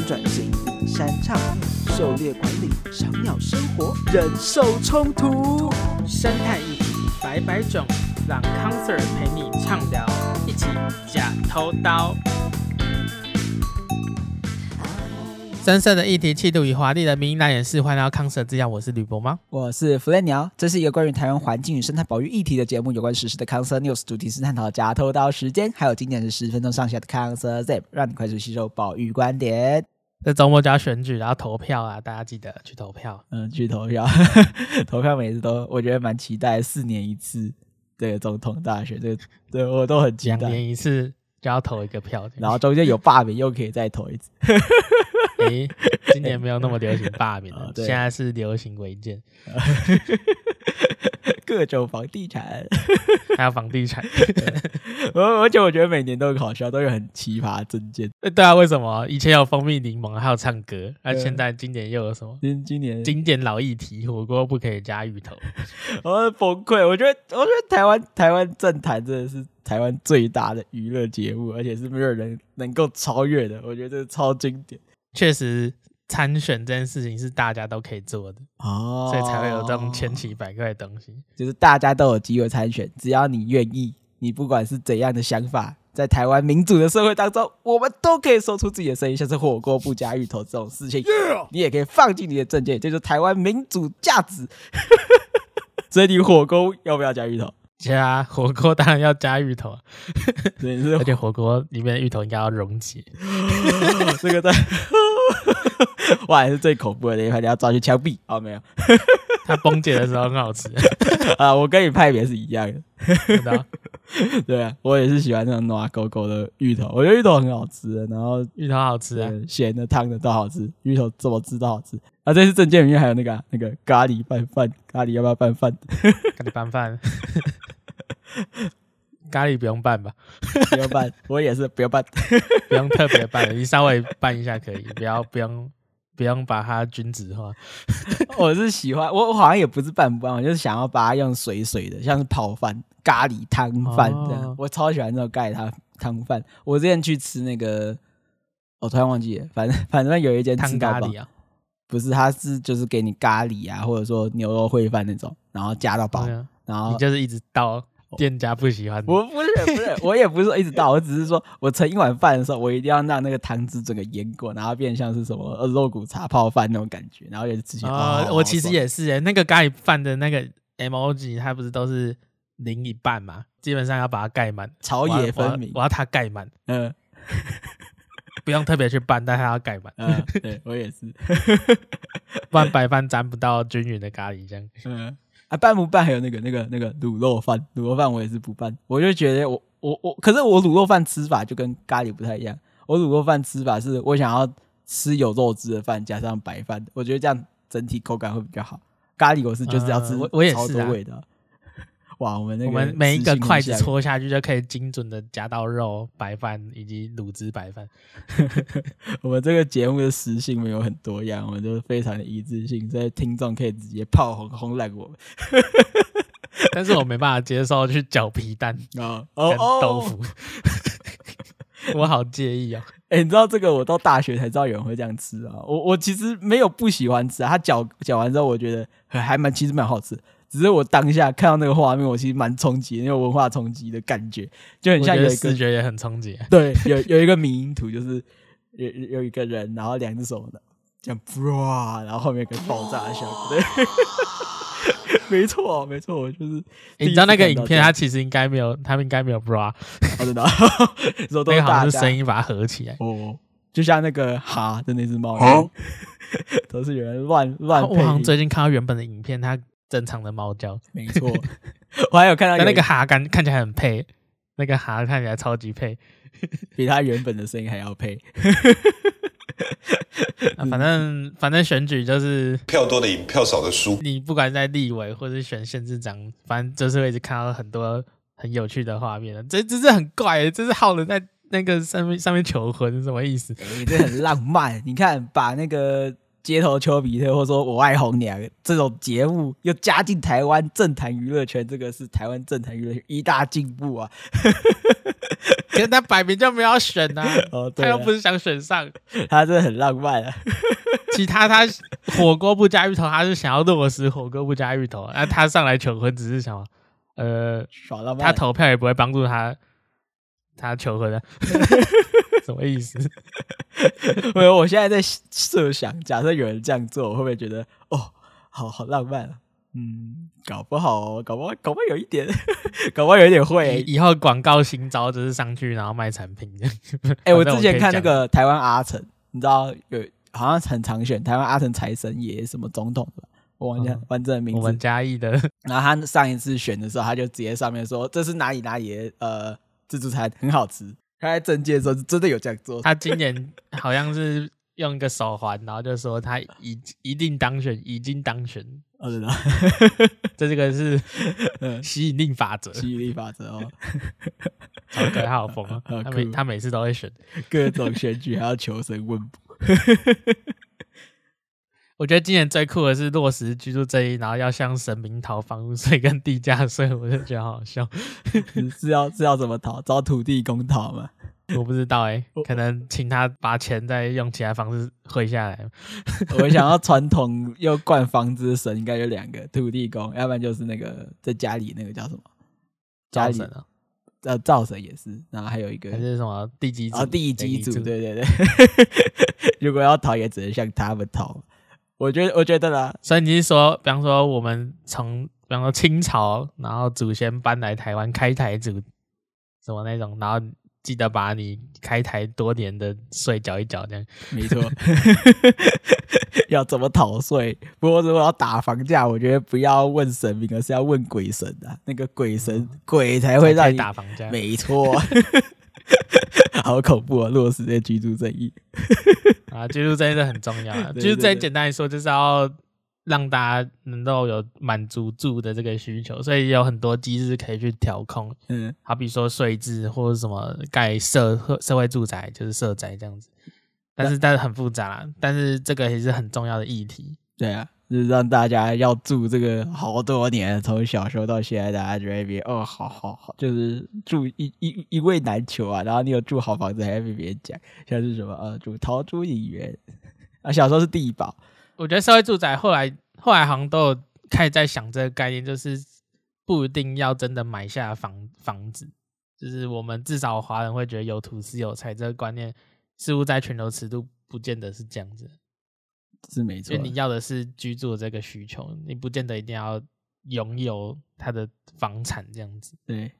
轉型，山唱，狩獵管理，小鳥生活，忍受衝突，生態一體，百百種，讓康 sir 陪你暢聊，一起假偷刀。深色的議題，氣度與華麗的名男也是歡迎到康 Sir 製藥，我是呂博嗎？我是弗雷鳥，這是一個關於台灣環境與生態保育議題的節目，有關時事的康 Sir News，主題是探討加偷刀時間，還有今天的十分鐘上下的康 Sir Zip，讓你快速吸收保育觀點。這週末就要選舉，然後投票啊，大家記得去投票，嗯，去投票， 投票每次都我覺得蠻期待，四年一次，對，總統大選，對，對，我都很期待，兩年一次就要投一個票，然後中間有罷免又可以再投一次。 哎、 欸，今年沒有那麼流行罷免了、欸，現在是流行違建，哦、 各種房地產， 還有房地產，而而且我覺得每年都很好笑，都有很奇葩的政見。哎，對啊，為什麼以前有蜂蜜檸檬，還有唱歌，那、啊、現在今年又有什麼？今今年經典老議題，火鍋不可以加芋頭，我 崩潰。我覺得，我覺得台灣台灣政壇真的是台灣最大的娛樂節目，而且是沒有人能夠超越的。我覺得這是超經典。確實，參選這件事情是大家都可以做的哦，所以才會有這種千奇百怪的東西。就是大家都有機會參選，只要你願意，你不管是怎樣的想法，在台灣民主的社會當中，我們都可以說出自己的聲音，像是火鍋不加芋頭這種事情，yeah! 你也可以放進你的政見，就，就是台灣民主價值。 所以你火鍋要不要加芋頭？加、啊、火鍋當然要加芋頭啊，啊而且火鍋裡面的芋頭應該要溶解。這 個在都 哇，還是最恐怖的一塊，你要抓去槍斃，好、哦、沒有？它 崩解的時候很好吃啊！啊我跟你派別是一樣的，知道，對啊，我也是喜歡那種拿狗狗的芋頭，我覺得芋頭很好吃的。然後芋頭好吃啊，鹹的、湯的、的都好吃。芋頭怎麼吃都好吃？啊，這次政見裡面還有那個、啊、那個咖喱拌飯，咖喱要不要拌飯？咖喱拌飯.。 咖喱不用拌吧， 不用拌，我也是不用拌， 不用特別拌，你稍微拌一下可以，不要不用不用把它均質化 我是喜歡，我我好像也不是拌不拌，我就是想要把它用水水的，像是泡飯、咖喱湯飯，我超喜歡那種咖喱湯飯。我之前去吃那個、哦，我突然忘記了，反正反正有一間湯咖喱啊，不是，它是就是給你咖喱啊，或者說牛肉燴飯那種，然後加到飽，啊、然後你就是一直倒。店家不喜歡我，我不是不是，我也不是說一直到， 我只是說我盛一碗飯的時候，我一定要讓那個湯汁整個淹過，然後變像是什麼肉骨茶泡飯那種感覺，然後也是自己、哦哦哦哦。我其實也是誒， 那個咖喱飯的那個 M O G 它不是都是淋一半嘛，基本上要把它蓋滿，朝野分明，我要，我要它蓋滿，嗯， 不用特別去拌，但它要蓋滿。嗯、 對，我也是，不然白飯沾不到均勻的咖喱醬。嗯。拌不拌？還有那個、那個、那個滷肉飯，滷肉飯我也是不拌。我就覺得我、我、我，可是我滷肉飯吃法就跟咖喱不太一樣。我滷肉飯吃法是我想要吃有肉汁的飯，加上白飯，我覺得這樣整體口感會比較好。咖喱我是就是要吃超多味的。嗯，我也是啊。哇，我們那個，我們每一個筷子戳下去就可以精準的夾到肉、白飯以及滷汁白飯。 我們這個節目的食性沒有很多樣，我們就非常的一致性，所以聽眾可以直接砲轟轟爛我們。 但是我沒辦法接受去攪皮蛋啊，跟豆腐， 我好介意哦。哎、欸，你知道這個，我到大學才知道有人會這樣吃啊。我我其實沒有不喜歡吃啊，他攪攪完之後，我覺得還蠻其實蠻好吃。只是我當下看到那個畫面，我其實蠻衝擊，因、那、為、個、文化衝擊的感覺就很像一個覺視覺也很衝擊、啊。對，有有一個迷因圖，就是有有一個人，然後兩隻手的這樣 bra，然後後面可以爆炸一下對，哦、 沒錯，沒錯，我就是、欸。你知道那個影片，它其實應該沒有，他們應該沒有 bra。我知道，最、 那個、好像是聲音把它合起來。哦，就像那個哈的那隻貓。啊、 都是有人亂亂配。我好像最近看到原本的影片，它。正常的貓叫，沒錯。我還有看到有那個哈干看，看起來很配，那個哈看起來超級配，比他原本的聲音還要配。 啊、反正反正選舉就是票多的贏，票少的輸。你不管在立委或是選縣市長，反正就是會一直看到很多很有趣的畫面。這這、就是很怪，這是耗人在那個上面上面求婚是什麼意思？你這很浪漫。 你看，把那個。街頭丘比特，或者說我愛紅娘這種節目，又加進台灣政壇娛樂圈，這個是台灣政壇娛樂圈一大進步啊！ 可跟他擺明就沒有選吶、啊哦，他又不是想選上，他真的很浪漫啊！其他他火鍋不加芋頭，他是想要對我使火鍋不加芋頭。那他上來求婚，只是想呃耍浪漫，他投票也不會幫助他，他求婚的，啊。 什麼意思？ 沒有，我現在在設想，假設有人這樣做，我會不會覺得哦，好好浪漫、啊、嗯搞、哦，搞不好，搞不，好，搞不好，有一點，搞不好，有一點會、欸。以後廣告新招就是上去然後賣產品。哎、 欸，我之前看那個台灣阿成，你知道有好像很常選台灣阿成財神爺什麼總統，我忘記了完整的名字。嗯、我們嘉義的，然後他上一次選的時候，他就直接上面說這是哪裡哪裡呃，自助餐很好吃。他在政界的時候是真的有這樣做。他今年好像是用一個手環，然後就說他已一定當選，已經當選。我知道，這這個是吸引力法則。 吸引力法則哦，好 可、oh, 他好瘋啊！Oh, oh, cool. 他每他每次都會選各種選舉，還要求神問卜。 我覺得今年最酷的是落實居住正義，然後要向神明討房屋稅跟地價稅，所以我就覺得好，好笑。你 要是要怎麼討？找土地公討嗎？我不知道哎、欸，可能請他把錢再用其他方式匯下來。我想要傳統又管房子神應該，應該有兩個土地公，要不然就是那個在家裡那個叫什麼家造神啊？呃、啊，灶神也是，然後還有一個是什麼地基？啊，地基主對對對。 如果要討，也只能向他們討。我覺得，我覺得啦、啊，所以你是說，比方說，我們從比方說清朝，然後祖先搬來台灣開台祖，什麼那種，然後記得把你開台多年的稅繳一繳，這樣沒錯。 要怎麼逃稅？不過如果要打房價，我覺得不要問神明，而是要問鬼神啊！那個鬼神、嗯、鬼才會讓你打房價。沒錯， 好恐怖啊、哦！落實這居住正義。 啊，就是真的很重要的，就是最簡單來說，就是要讓大家能夠有滿足住的這個需求，所以有很多機制可以去調控，嗯，好比說稅制或者什麼蓋社社會住宅，就是社宅這樣子，但是但，但是很複雜，但是這個也是很重要的議題，對啊。就是讓大家要住這個好多年，從小時候到現在，大家覺得哦，好好好，就是住一一一位難求啊。然後你有住好房子，還被別人講，像是什麼呃、哦，住陶朱隱園。啊，小時候是帝寶。我覺得社會住宅後來後來，好像都開始在想這個概念，就是不一定要真的買下房房子，就是我們至少華人會覺得有土斯有財這個觀念，似乎在全球尺度不見得是這樣子。所以你要的是居住的這個需求，你不見得一定要擁有他的房產這樣子。對，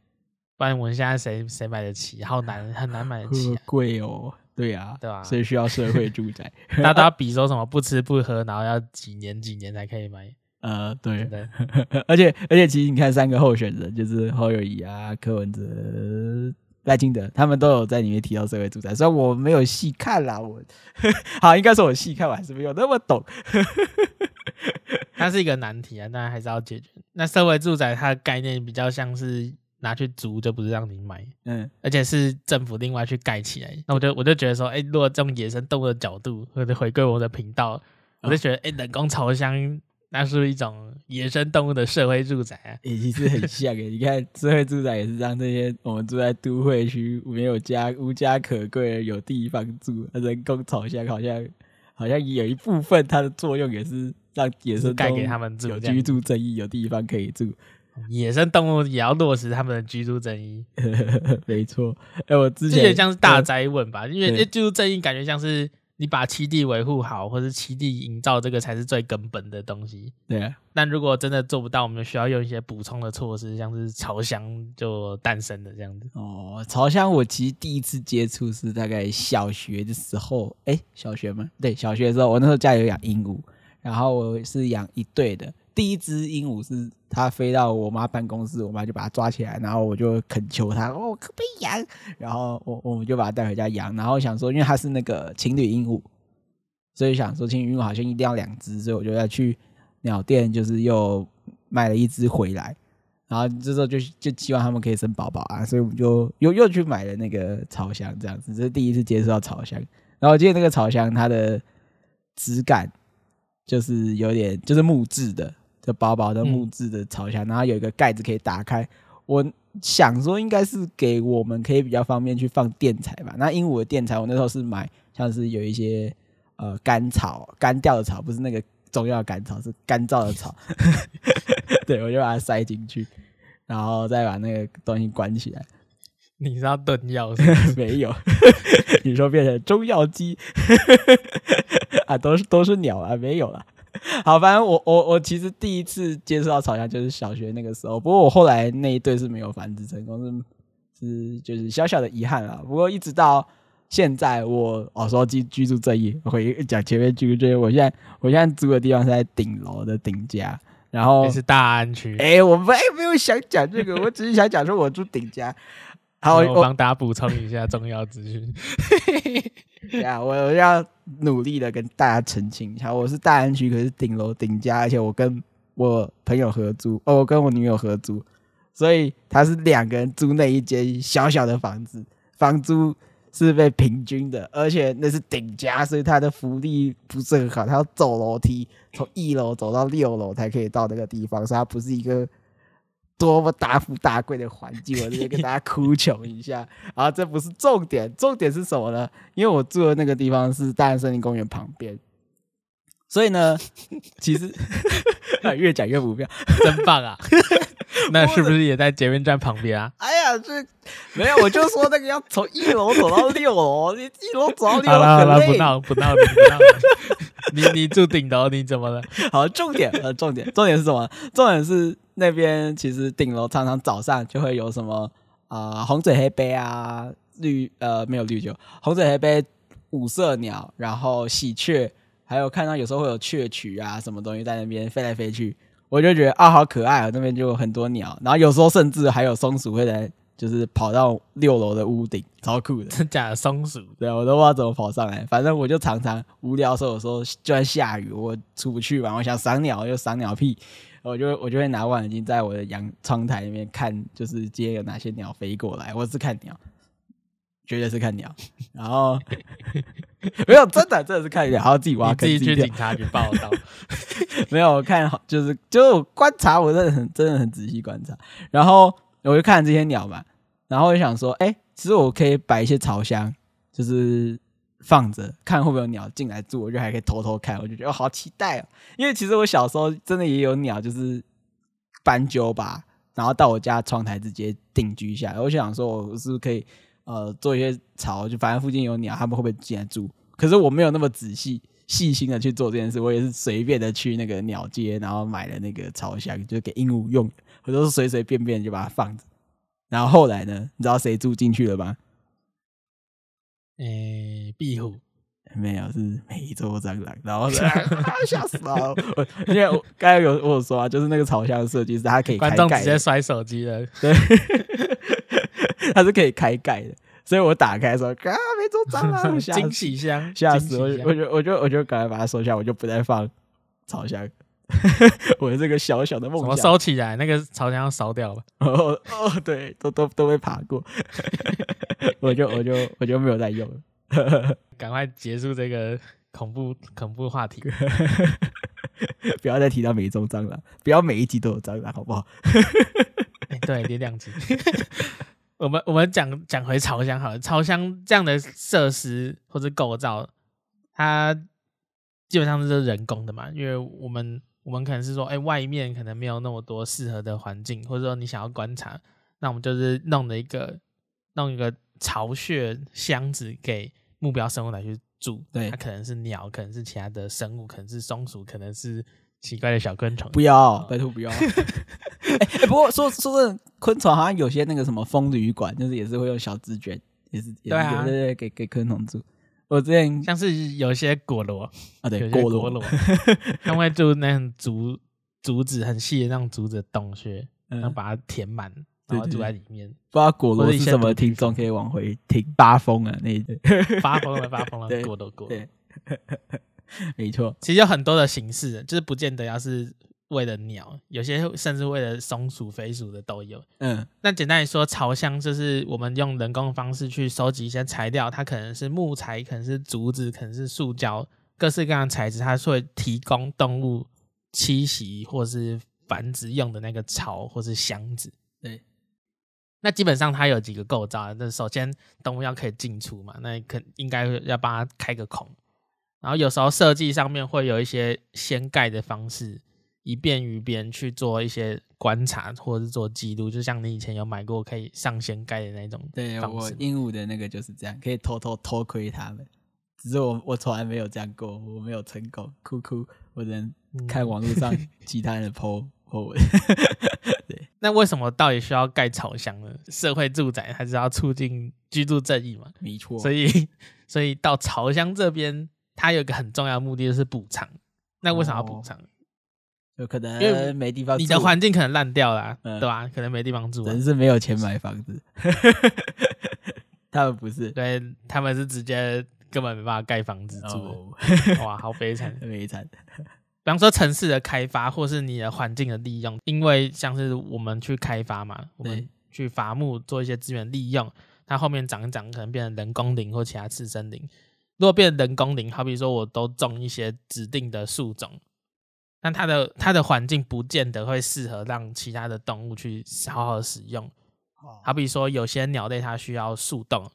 不然我們現在誰誰買得起？好難，很難買得起、啊，貴哦。對啊，對吧、啊？所以需要社會住宅， 大家比如說什麼不吃不喝，然後要幾年幾年才可以買？呃，對。而且 而且，而且其實你看三個候選人，就是侯友宜啊、柯文哲。賴金德他們都有在裡面提到社會住宅，所以我沒有細看啦，我呵呵好應該說我細看，我還是沒有那麼懂呵呵。它是一個難題啊，但還是要解決。那社會住宅它的概念比較像是拿去租，就不是讓你買，嗯，而且是政府另外去蓋起來。那我就我就覺得說，哎、欸，如果這種野生動物的角度，或者回歸我的頻道、嗯，我就覺得，哎、欸，人工巢箱。那是不是一種野生動物的社會住宅啊？已經、欸、是很像的。 你看，社會住宅也是讓這些我們住在都會區沒有家、無家可歸的有地方住。人工巢箱好像好像也有一部分，它的作用也是讓野生動物蓋給他們住，有居住正義，有地方可以住。野生動物也要落實他們的居住正義， 沒錯。哎，我之前，這也像是大宅問吧，嗯、因為這居住正義感覺像是。你把棲地維護好，或者棲地營造，這個才是最根本的東西。對、啊，但如果真的做不到，我們就需要用一些補充的措施，像是巢箱就誕生的這樣子。哦，巢箱我其實第一次接觸是大概小學的時候，哎、欸，小學嗎？對，小學的時候，我那時候家裡有養鸚鵡，然後我是養一對的。第一隻鸚鵡是它飛到我媽辦公室，我媽就把它抓起來，然後我就懇求它，我、哦、可不可以養？然後我我們就把它帶回家養。然後想說，因為它是那個情侶鸚鵡，所以想說情侶鸚鵡好像一定要兩隻，所以我就要去鳥店，就是又買了一隻回來。然後這時候就就希望他們可以生寶寶啊，所以我們就又又去買了那個巢箱，這樣子。這是第一次接觸到巢箱。然後今天那個巢箱，它的質感就是有點就是木質的。的薄薄的木質的巢箱，嗯，然後有一個蓋子可以打開。我想說，應該是給我們可以比較方便去放墊材吧。那鸚鵡的墊材，我那時候是買，像是有一些呃乾草、乾掉的草，不是那個中藥的干草，是乾燥的草。 對，我就把它塞進去，然後再把那個東西關起來。你是要燉藥是不是？是 沒有， 你說變成中藥機 啊？都是都是鳥啊，沒有了。好，反正我我我其實第一次接觸到巢箱就是小學那個時候，不過我後來那一對是沒有繁殖成功，是是就是小小的遺憾了。不過一直到現在我，我哦說居居住這一回講前面居住這我現在我現在住的地方是在頂樓的頂家，然後那是大安區。哎、欸，我哎、欸、沒有想講這個， 我只是想講說我住頂家。好，然後我幫大家補充一下重要資訊。對啊，我 yeah, 我要努力的跟大家澄清一下，我是大安區，可是頂樓頂加，而且我跟我朋友合租，哦，我跟我女友合租，所以他是兩個人租那一間小小的房子，房租是被平均的，而且那是頂加，所以他的福利不是很好，他要走樓梯，從一樓走到六樓才可以到那個地方，所以他不是一個。多麼大富大貴的環境，我直接跟大家哭窮一下。 啊，這不是重點，重點是什麼呢？因為我住的那個地方是大安森林公園旁邊， 所以呢，其實 越講越不妙，真棒啊！ 那是不是也在捷運站旁邊啊？哎呀，這沒有，我就說那個要從一樓走到六樓，你一樓走到六樓好了好了，不鬧不鬧不鬧。你鬧 你，你住頂樓，你怎麼了？好，重點、呃、重點，重點是什麼？重點是。那邊其實頂樓常常早上就會有什麼啊、呃、紅嘴黑鵯啊，綠，呃，沒有綠鳩，紅嘴黑鵯、五色鳥然後喜鵲，還有看到有時候會有鵲鴝啊什麼東西在那邊飛來飛去，我就覺得啊，好可愛啊，那邊就有很多鳥，然後有時候甚至還有松鼠會在就是跑到六樓的屋頂，超酷的。真假的松鼠？對，我都不知道怎麼跑上來。反正我就常常無聊的時候，我說就算下雨我出不去嘛，我想賞鳥，又賞鳥屁。我就我就會拿望遠鏡在我的陽窗台裡面看，就是街有哪些鳥飛過來。我是看鳥，絕對是看鳥。然後 沒有真的真的是看鳥，然後自己挖坑，自己去警察局報到。 沒有我看，好，就是就是，觀察，我真的很真的很仔細觀察。然後我就看了這些鳥嘛，然後我就想說，哎、欸，其實我可以擺一些巢箱，就是。放着看會不會有鳥進來住，我就還可以偷偷看，我就覺得好期待哦、啊！因為其實我小時候真的也有鳥，就是斑鳩吧，然後到我家窗台直接定居下來。我想說，我是不是可以呃做一些巢，就反正附近有鳥，他們會不會進來住？可是我沒有那麼仔細細心的去做這件事，我也是隨便的去那個鳥街，然後買了那個巢箱，就給鸚鵡用，我都是隨隨便便就把它放着。然後後來呢，你知道誰住進去了嗎？呃、欸，壁虎沒有，是美洲蟑螂，然後、啊 啊，嚇死了。因為我剛才有我有說啊，就是那個巢箱設計是它可以開蓋直接摔手機的，對，它 是可以開蓋的，所以我打開的時候啊，美洲蟑螂， 驚喜箱嚇死我，我就我就我就，我就趕快把它收下，我就不再放巢箱。 我的這個小小的夢想，怎麼燒起來？那個巢箱要燒掉了？哦，哦對，都都都被爬過， 我就我就我就沒有再用了。趕 快結束這個恐怖恐怖話題， 不要再提到美中蟑螂了，不要每一集都有蟑螂了，好不好？ 欸、對，別這樣子。我們我們講講回巢箱好了，巢箱這樣的設施或者構造，它基本上是人工的嘛，因為我們。我們可能是說，哎、欸，外面可能沒有那麼多適合的環境，或者說你想要觀察，那我們就是弄了一個，弄一個巢穴箱子給目標生物來去住。對，它、啊、可能是鳥，可能是其他的生物，可能是松鼠，可能是奇怪的小昆蟲。不要，嗯、拜托不要。哎 欸，不過說說真的，昆蟲好像有些那個什麼蜂旅館，就是也是會用小紙卷，也是對對、啊、對，給給昆蟲住。我之前像是有些蜾蠃，啊對，蜾蠃，他會做那種竹 竹子很細的那種竹子洞穴、嗯，然後把它填滿，然後住在裡面。不知道蜾蠃是什麼聽眾可以往回聽發瘋了，那發瘋了，發瘋了，過都過。 沒錯，其實有很多的形式，就是不見得要是。為了鳥，有些甚至為了松鼠、飛鼠的都有。嗯，那簡單來說，巢箱就是我們用人工的方式去收集一些材料，它可能是木材，可能是竹子，可能是塑膠，各式各樣的材質，它是會提供動物棲息或是繁殖用的那個巢或是箱子。對，那基本上它有幾個構造啊，那首先動物要可以進出嘛，那肯應該要幫它開個孔，然後有時候設計上面會有一些掀蓋的方式。以便於別人去做一些觀察或者是做記錄，就像你以前有買過可以上掀蓋的那種。對，我鸚鵡的那個就是這樣，可以偷偷偷窺他們。只是我我從來沒有這樣過，我沒有成功。哭哭，我只能看網絡上其他人的 po po 文。嗯、 我的 對，那為什麼到底需要蓋巢箱呢？社會住宅還是要促進居住正義嘛？沒錯。所以，所以到巢箱這邊，它有個很重要的目的就是補償。那為什麼要補償？哦有可能，沒地方住。你的環境可能爛掉了、啊嗯，對吧、啊？可能沒地方住。人是沒有錢買房子， 他們不是，對，他們是直接根本沒辦法蓋房子住。 哇，好悲慘，悲慘。比方說城市的開發，或是你的環境的利用，因為像是我們去開發嘛，我們去伐木做一些資源利用，它後面長一長，可能變成人工林或其他次生林。如果變成人工林，好比說我都種一些指定的樹種。那它的它的環境不見得會適合讓其他的動物去好好使用，哦、好比說有些鳥類它需要樹洞，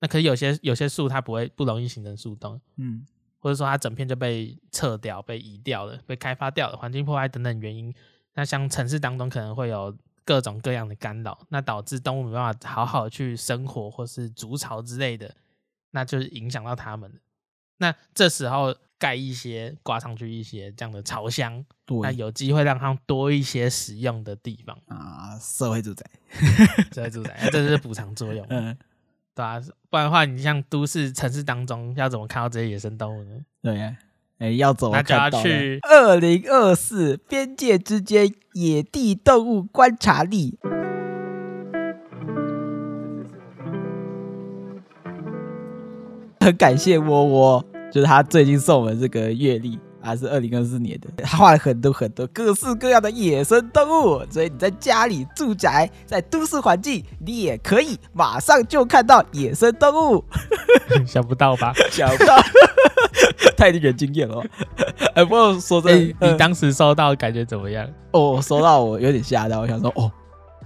那可是有些有些樹它不會不容易形成樹洞，嗯，或者說它整片就被撤掉、被移掉了、被開發掉了、環境破壞等等原因，那像城市當中可能會有各種各樣的干擾，那導致動物沒辦法好好去生活或是築巢之類的，那就是影響到它們了，那這時候。蓋一些掛上去一些這樣的巢箱，那有機會讓它們多一些使用的地方啊。社會住宅， 社會住宅、啊，這是補償作用。 嗯，對啊，不然的話，你像都市城市當中，要怎麼看到這些野生動物呢？對呀、啊，要走大家去。二零二四，邊界之間，野地動物觀察曆。很感謝窩窩。我就是他最近送我們這個月曆啊，是二零二四年的。他畫了很多很多各式各樣的野生動物，所以你在家裡住宅，在都市環境，你也可以馬上就看到野生動物。想不到吧？想不到， 太令人驚艷了、喔。哎、欸，不過說真的、欸嗯，你當時收到的感覺怎麼樣？哦，收到我有點嚇到，我想說哦，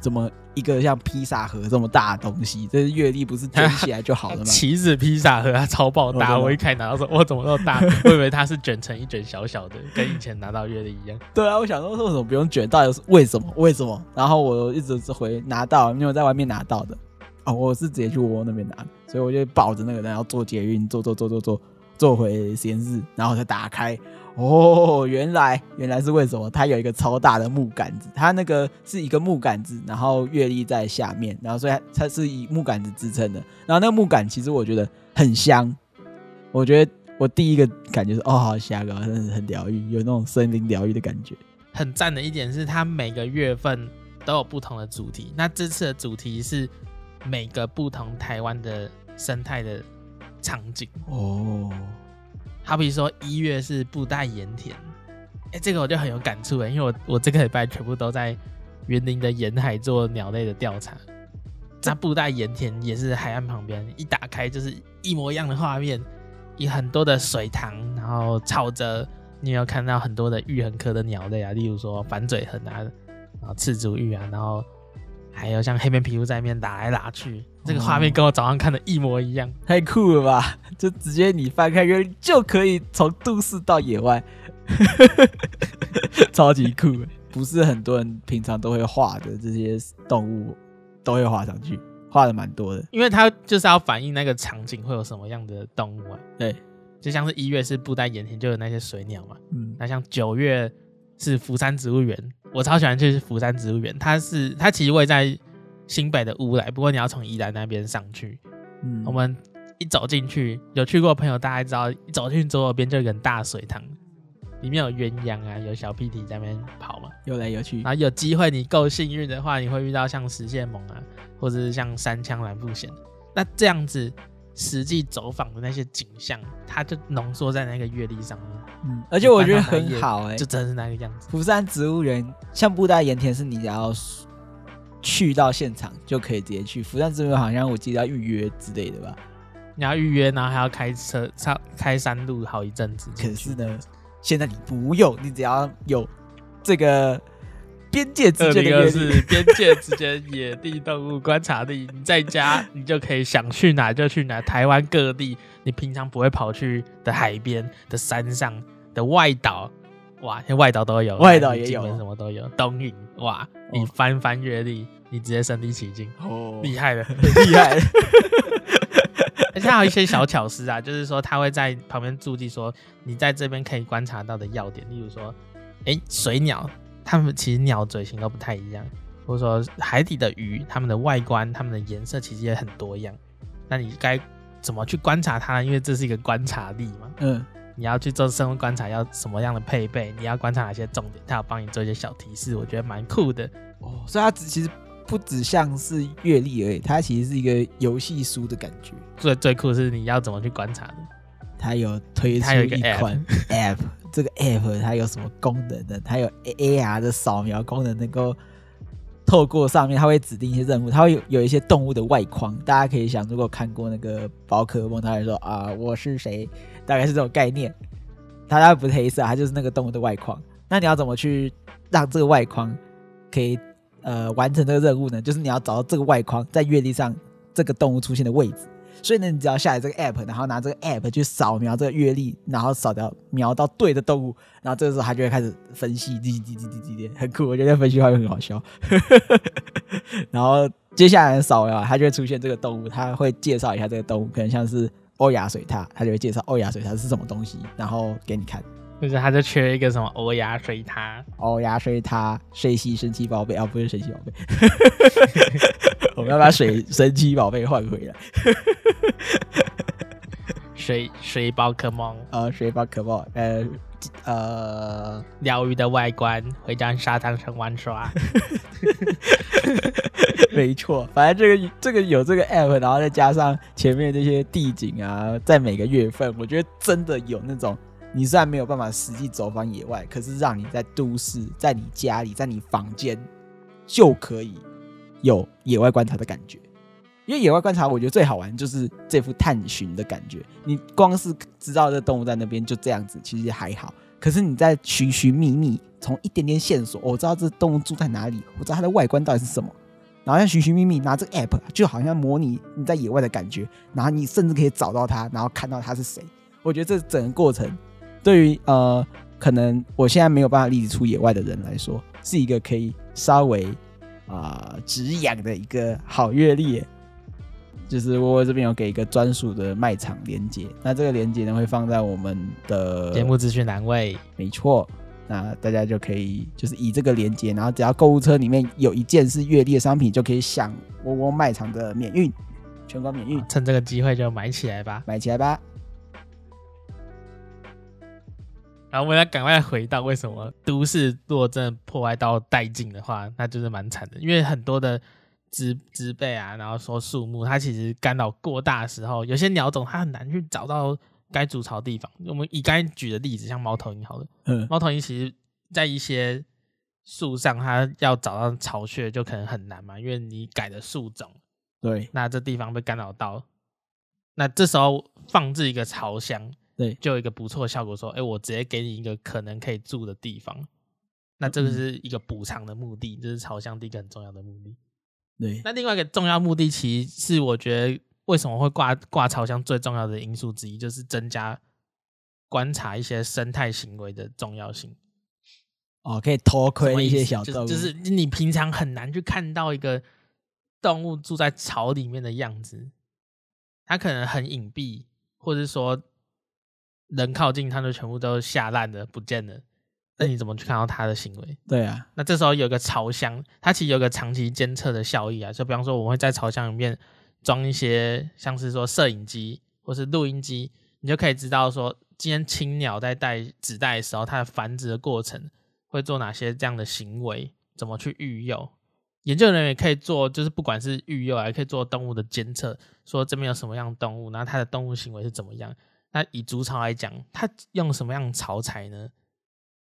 怎麼？一個像披薩盒這麼大的東西，這是月曆不是捲起來就好了嗎？豈、啊啊、子披薩盒它超爆大，哦，我一開拿到時候，我怎麼那麼大？ 我以為它是卷成一卷小小的，跟以前拿到月曆一樣。對啊，我想說為什麼不用捲，到底是為什麼？為什麼？然後我一直回拿到，因為我在外面拿到的。哦，我是直接去我那邊拿的，所以我就抱着那個人，然後坐捷運，坐坐坐坐坐坐回實驗室，然後再打開。哦，原來原來是為什麼？它有一個超大的木杆子，它那個是一個木杆子，然後月曆在下面，然後所以它，它是以木杆子支撐的。然後那個木杆，其實我覺得很香，我覺得我第一個感覺是哦，好，下個真的很療癒，有那種森林療癒的感覺。很讚的一點是，它每個月份都有不同的主題。那這次的主題是每個不同台灣的生態的場景。哦。好，比如說一月是布袋鹽田，哎、欸，這個我就很有感觸、欸、因為我我這個禮拜全部都在雲林的沿海做鳥類的調查，在布袋鹽田也是海岸旁邊，一打開就是一模一樣的畫面，有很多的水塘，然後吵着，你有，有看到很多的鷸鴴科的鳥類啊，例如說反嘴鴴啊啊，赤足鷸啊，然後還有像黑面琵鷺在那邊打來打去。這個畫面跟我早上看的一模一樣，哦，太酷了吧！就直接你翻開，就就可以從都市到野外， 超級酷。 不是很多人平常都會畫的這些動物，都會畫上去，畫的蠻多的。因為它就是要反映那個場景會有什麼樣的動物啊？對，就像是一月是布袋眼前就有那些水鳥嘛。嗯。那像九月是福山植物園，我超喜歡去福山植物園，它是它其實位在。新北的烏來，不過你要從宜蘭那邊上去。嗯，我們一走進去，有去過朋友大概知道，一走進左邊就一個大水塘，裡面有鴛鴦啊，有小 P T 在那邊跑嘛，游來游去。然後有機會你夠幸運的話，你會遇到像食蟹獴啊，或者是像山羌藍腹鷴。那這樣子實際走訪的那些景象，它就濃縮在那個月曆上面。嗯，而且我覺得很好哎、欸，就真的是那個樣子。福山植物園，像布袋鹽田是你要。去到現場就可以直接去，福山這邊好像我記得要預約之類的吧？你要預約呢，還要開車上開山路好一陣子。可是呢，現在你不用，你只要有這個邊界之間的越邊界之間野地動物觀察曆， 你在家你就可以想去哪就去哪。台灣各地你平常不會跑去的海邊、的山上的外島，哇，外島都有，外島也有，有什麼都有。東引哇，哇，你翻翻越歷。你直接身臨其境，哦,哦,哦，厲害了，很厲害。而且還有一些小巧思啊，就是說他會在旁邊注意說你在這邊可以觀察到的要點，例如說，哎，水鳥，它們其實鳥嘴型都不太一樣，或者說海底的魚，它們的外觀，它們的顏色其實也很多樣。那你該怎麼去觀察它呢？因為這是一個觀察力嘛，嗯，你要去做生物觀察，要什麼樣的配備？你要觀察哪些重點？他有幫你做一些小提示，我覺得蠻酷的。哦，所以他其實。不只像是閱歷而已，它其實是一個遊戲書的感覺。最最酷是你要怎麼去觀察呢？它有推出，它有一,一款 app， 這個 app 它有什麼功能呢？它有 AR 的掃描功能，能夠透過上面，它會指定一些任務，它會有有一些動物的外框，大家可以想，如果看過那個寶可夢，它會說啊，我是誰，大概是這種概念。它大概不是黑色，它就是那個動物的外框。那你要怎麼去讓這個外框可以？呃，完成這個任務呢，就是你要找到這個外框在月曆上這個動物出現的位置。所以呢，你只要下載這個 app，然後拿這個 app 去掃描這個月曆，然後掃描瞄到對的動物，然後這個時候它就會開始分析，滴滴滴滴滴滴，很酷。我覺得分析畫面很好笑。 然後接下來掃描，它就會出現這個動物，它會介紹一下這個動物，可能像是歐亞水獺，它就會介紹歐亞水獺是什麼東西，然後給你看。就是，他就缺一個什麼歐牙水塔、歐牙水塔，水系神奇寶貝啊，不是神奇寶貝， 我們要把水神奇寶貝換回來，水水寶可夢啊，水寶可夢，呃呃，釣、呃、魚的外觀，回家沙灘城玩耍， 沒錯，反正這個這個有這個 app，然後再加上前面那些地景啊，在每個月份，我覺得真的有那種。你雖然沒有辦法實際走訪野外，可是讓你在都市、在你家裡、在你房間，就可以有野外觀察的感覺。因為野外觀察，我覺得最好玩就是這副探尋的感覺。你光是知道這動物在那邊就這樣子，其實還好。可是你在尋尋覓覓，從一點點線索，哦，我知道這動物住在哪裡，我知道它的外觀到底是什麼，然後像尋尋覓覓拿這個 app，就好像模擬你在野外的感覺。然後你甚至可以找到它，然後看到它是誰。我覺得這整個過程。對於呃，可能我現在沒有辦法立即出野外的人來說，是一個可以稍微啊止癢的一個好月曆。就是窩窩這邊有給一個專屬的賣場連接，那這個連接呢，會放在我們的節目資訊欄位，沒錯。那大家就可以就是以這個連接，然後只要購物車裡面有一件是月曆的商品，就可以享窩窩賣場的免運，全國免運。趁這個機會就買起來吧，買起來吧。然後我們要趕快回到為什麼都市若真的破壞到殆盡的話，那就是蠻慘的，因為很多的植植被啊，然後說樹木，它其實干擾過大的時候，有些鳥種它很難去找到該築巢的地方。我們以剛舉的例子，像貓頭鷹好了，貓頭鷹其實在一些樹上，它要找到巢穴就可能很難嘛，因為你改了樹種，對，那這地方被干擾到，那這時候放置一個巢箱。對，就有一個不錯的效果，說：“哎，我直接給你一個可能可以住的地方。”那這個是一個補償的目的，這、就是巢箱第一個很重要的目的。對，那另外一個重要目的，其實是我覺得為什麼會掛掛巢箱最重要的因素之一，就是增加觀察一些生態行為的重要性。哦，可以偷窺一些小動物、就是，就是你平常很難去看到一個動物住在巢裡面的樣子。它可能很隱蔽，或者說。人靠近，它就全部都下爛了不見了。那你怎麼去看到它的行為？對啊，那這時候有個巢箱，它其實有個長期監測的效益啊。就比方說，我們會在巢箱裡面裝一些像是說攝影機或是錄音機，你就可以知道說今天青鳥在帶子代的時候，它的繁殖的過程會做哪些這樣的行為，怎麼去育幼。研究人員也可以做，就是不管是育幼，還可以做動物的監測，說這邊有什麼樣的動物，然後它的動物行為是怎麼樣。那以築巢來講，它用什麼樣巢材呢？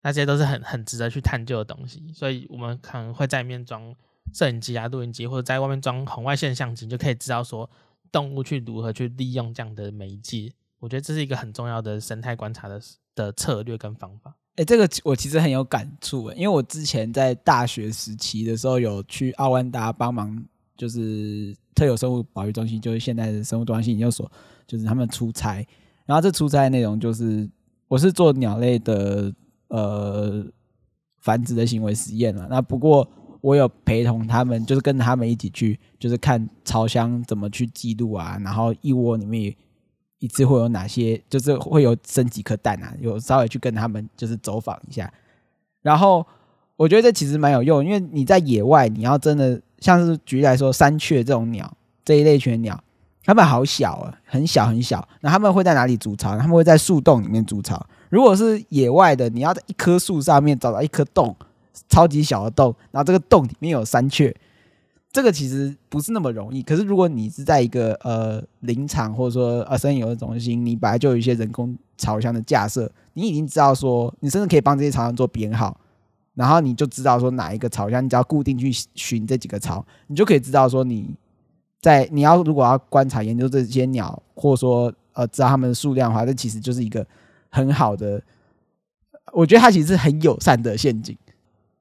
那些都是很很值得去探究的東西，所以我們可能會在裡面裝攝影機啊、錄音機，或者在外面裝紅外線相機，就可以知道說動物去如何去利用這樣的媒介。我覺得這是一個很重要的生態觀察的的策略跟方法。哎、欸，這個我其實很有感觸、欸，因為我之前在大學時期的時候，有去奧萬大幫忙，就是特有生物保育中心，就是現在的生物多樣性研究所，就是他們出差。然後這出差的內容就是，我是做鳥類的呃繁殖的行為實驗了。那不過我有陪同他們，就是跟他們一起去，就是看巢箱怎麼去記錄啊。然後一窩裡面一次會有哪些，就是會有生幾顆蛋啊？有稍微去跟他們就是走訪一下。然後我覺得這其實蠻有用，因為你在野外，你要真的像是舉例來說，山雀這種鳥這一類群的鳥。他們好小啊，很小很小。那他們會在哪裡築巢？他們會在樹洞裡面築巢。如果是野外的，你要在一棵樹上面找到一顆洞，超級小的洞。然後這個洞裡面有山雀，這個其實不是那麼容易。可是如果你是在一個呃林場，或者說呃生態旅遊中心，你本來就有一些人工巢箱的架設，你已經知道說，你甚至可以幫這些巢箱做編號，然後你就知道說哪一個巢箱，你只要固定去尋這幾個巢，你就可以知道說你。在你要如果要觀察研究這些鳥，或者說呃知道它們的數量的話，這其實就是一個很好的，我覺得它其實是很友善的陷阱，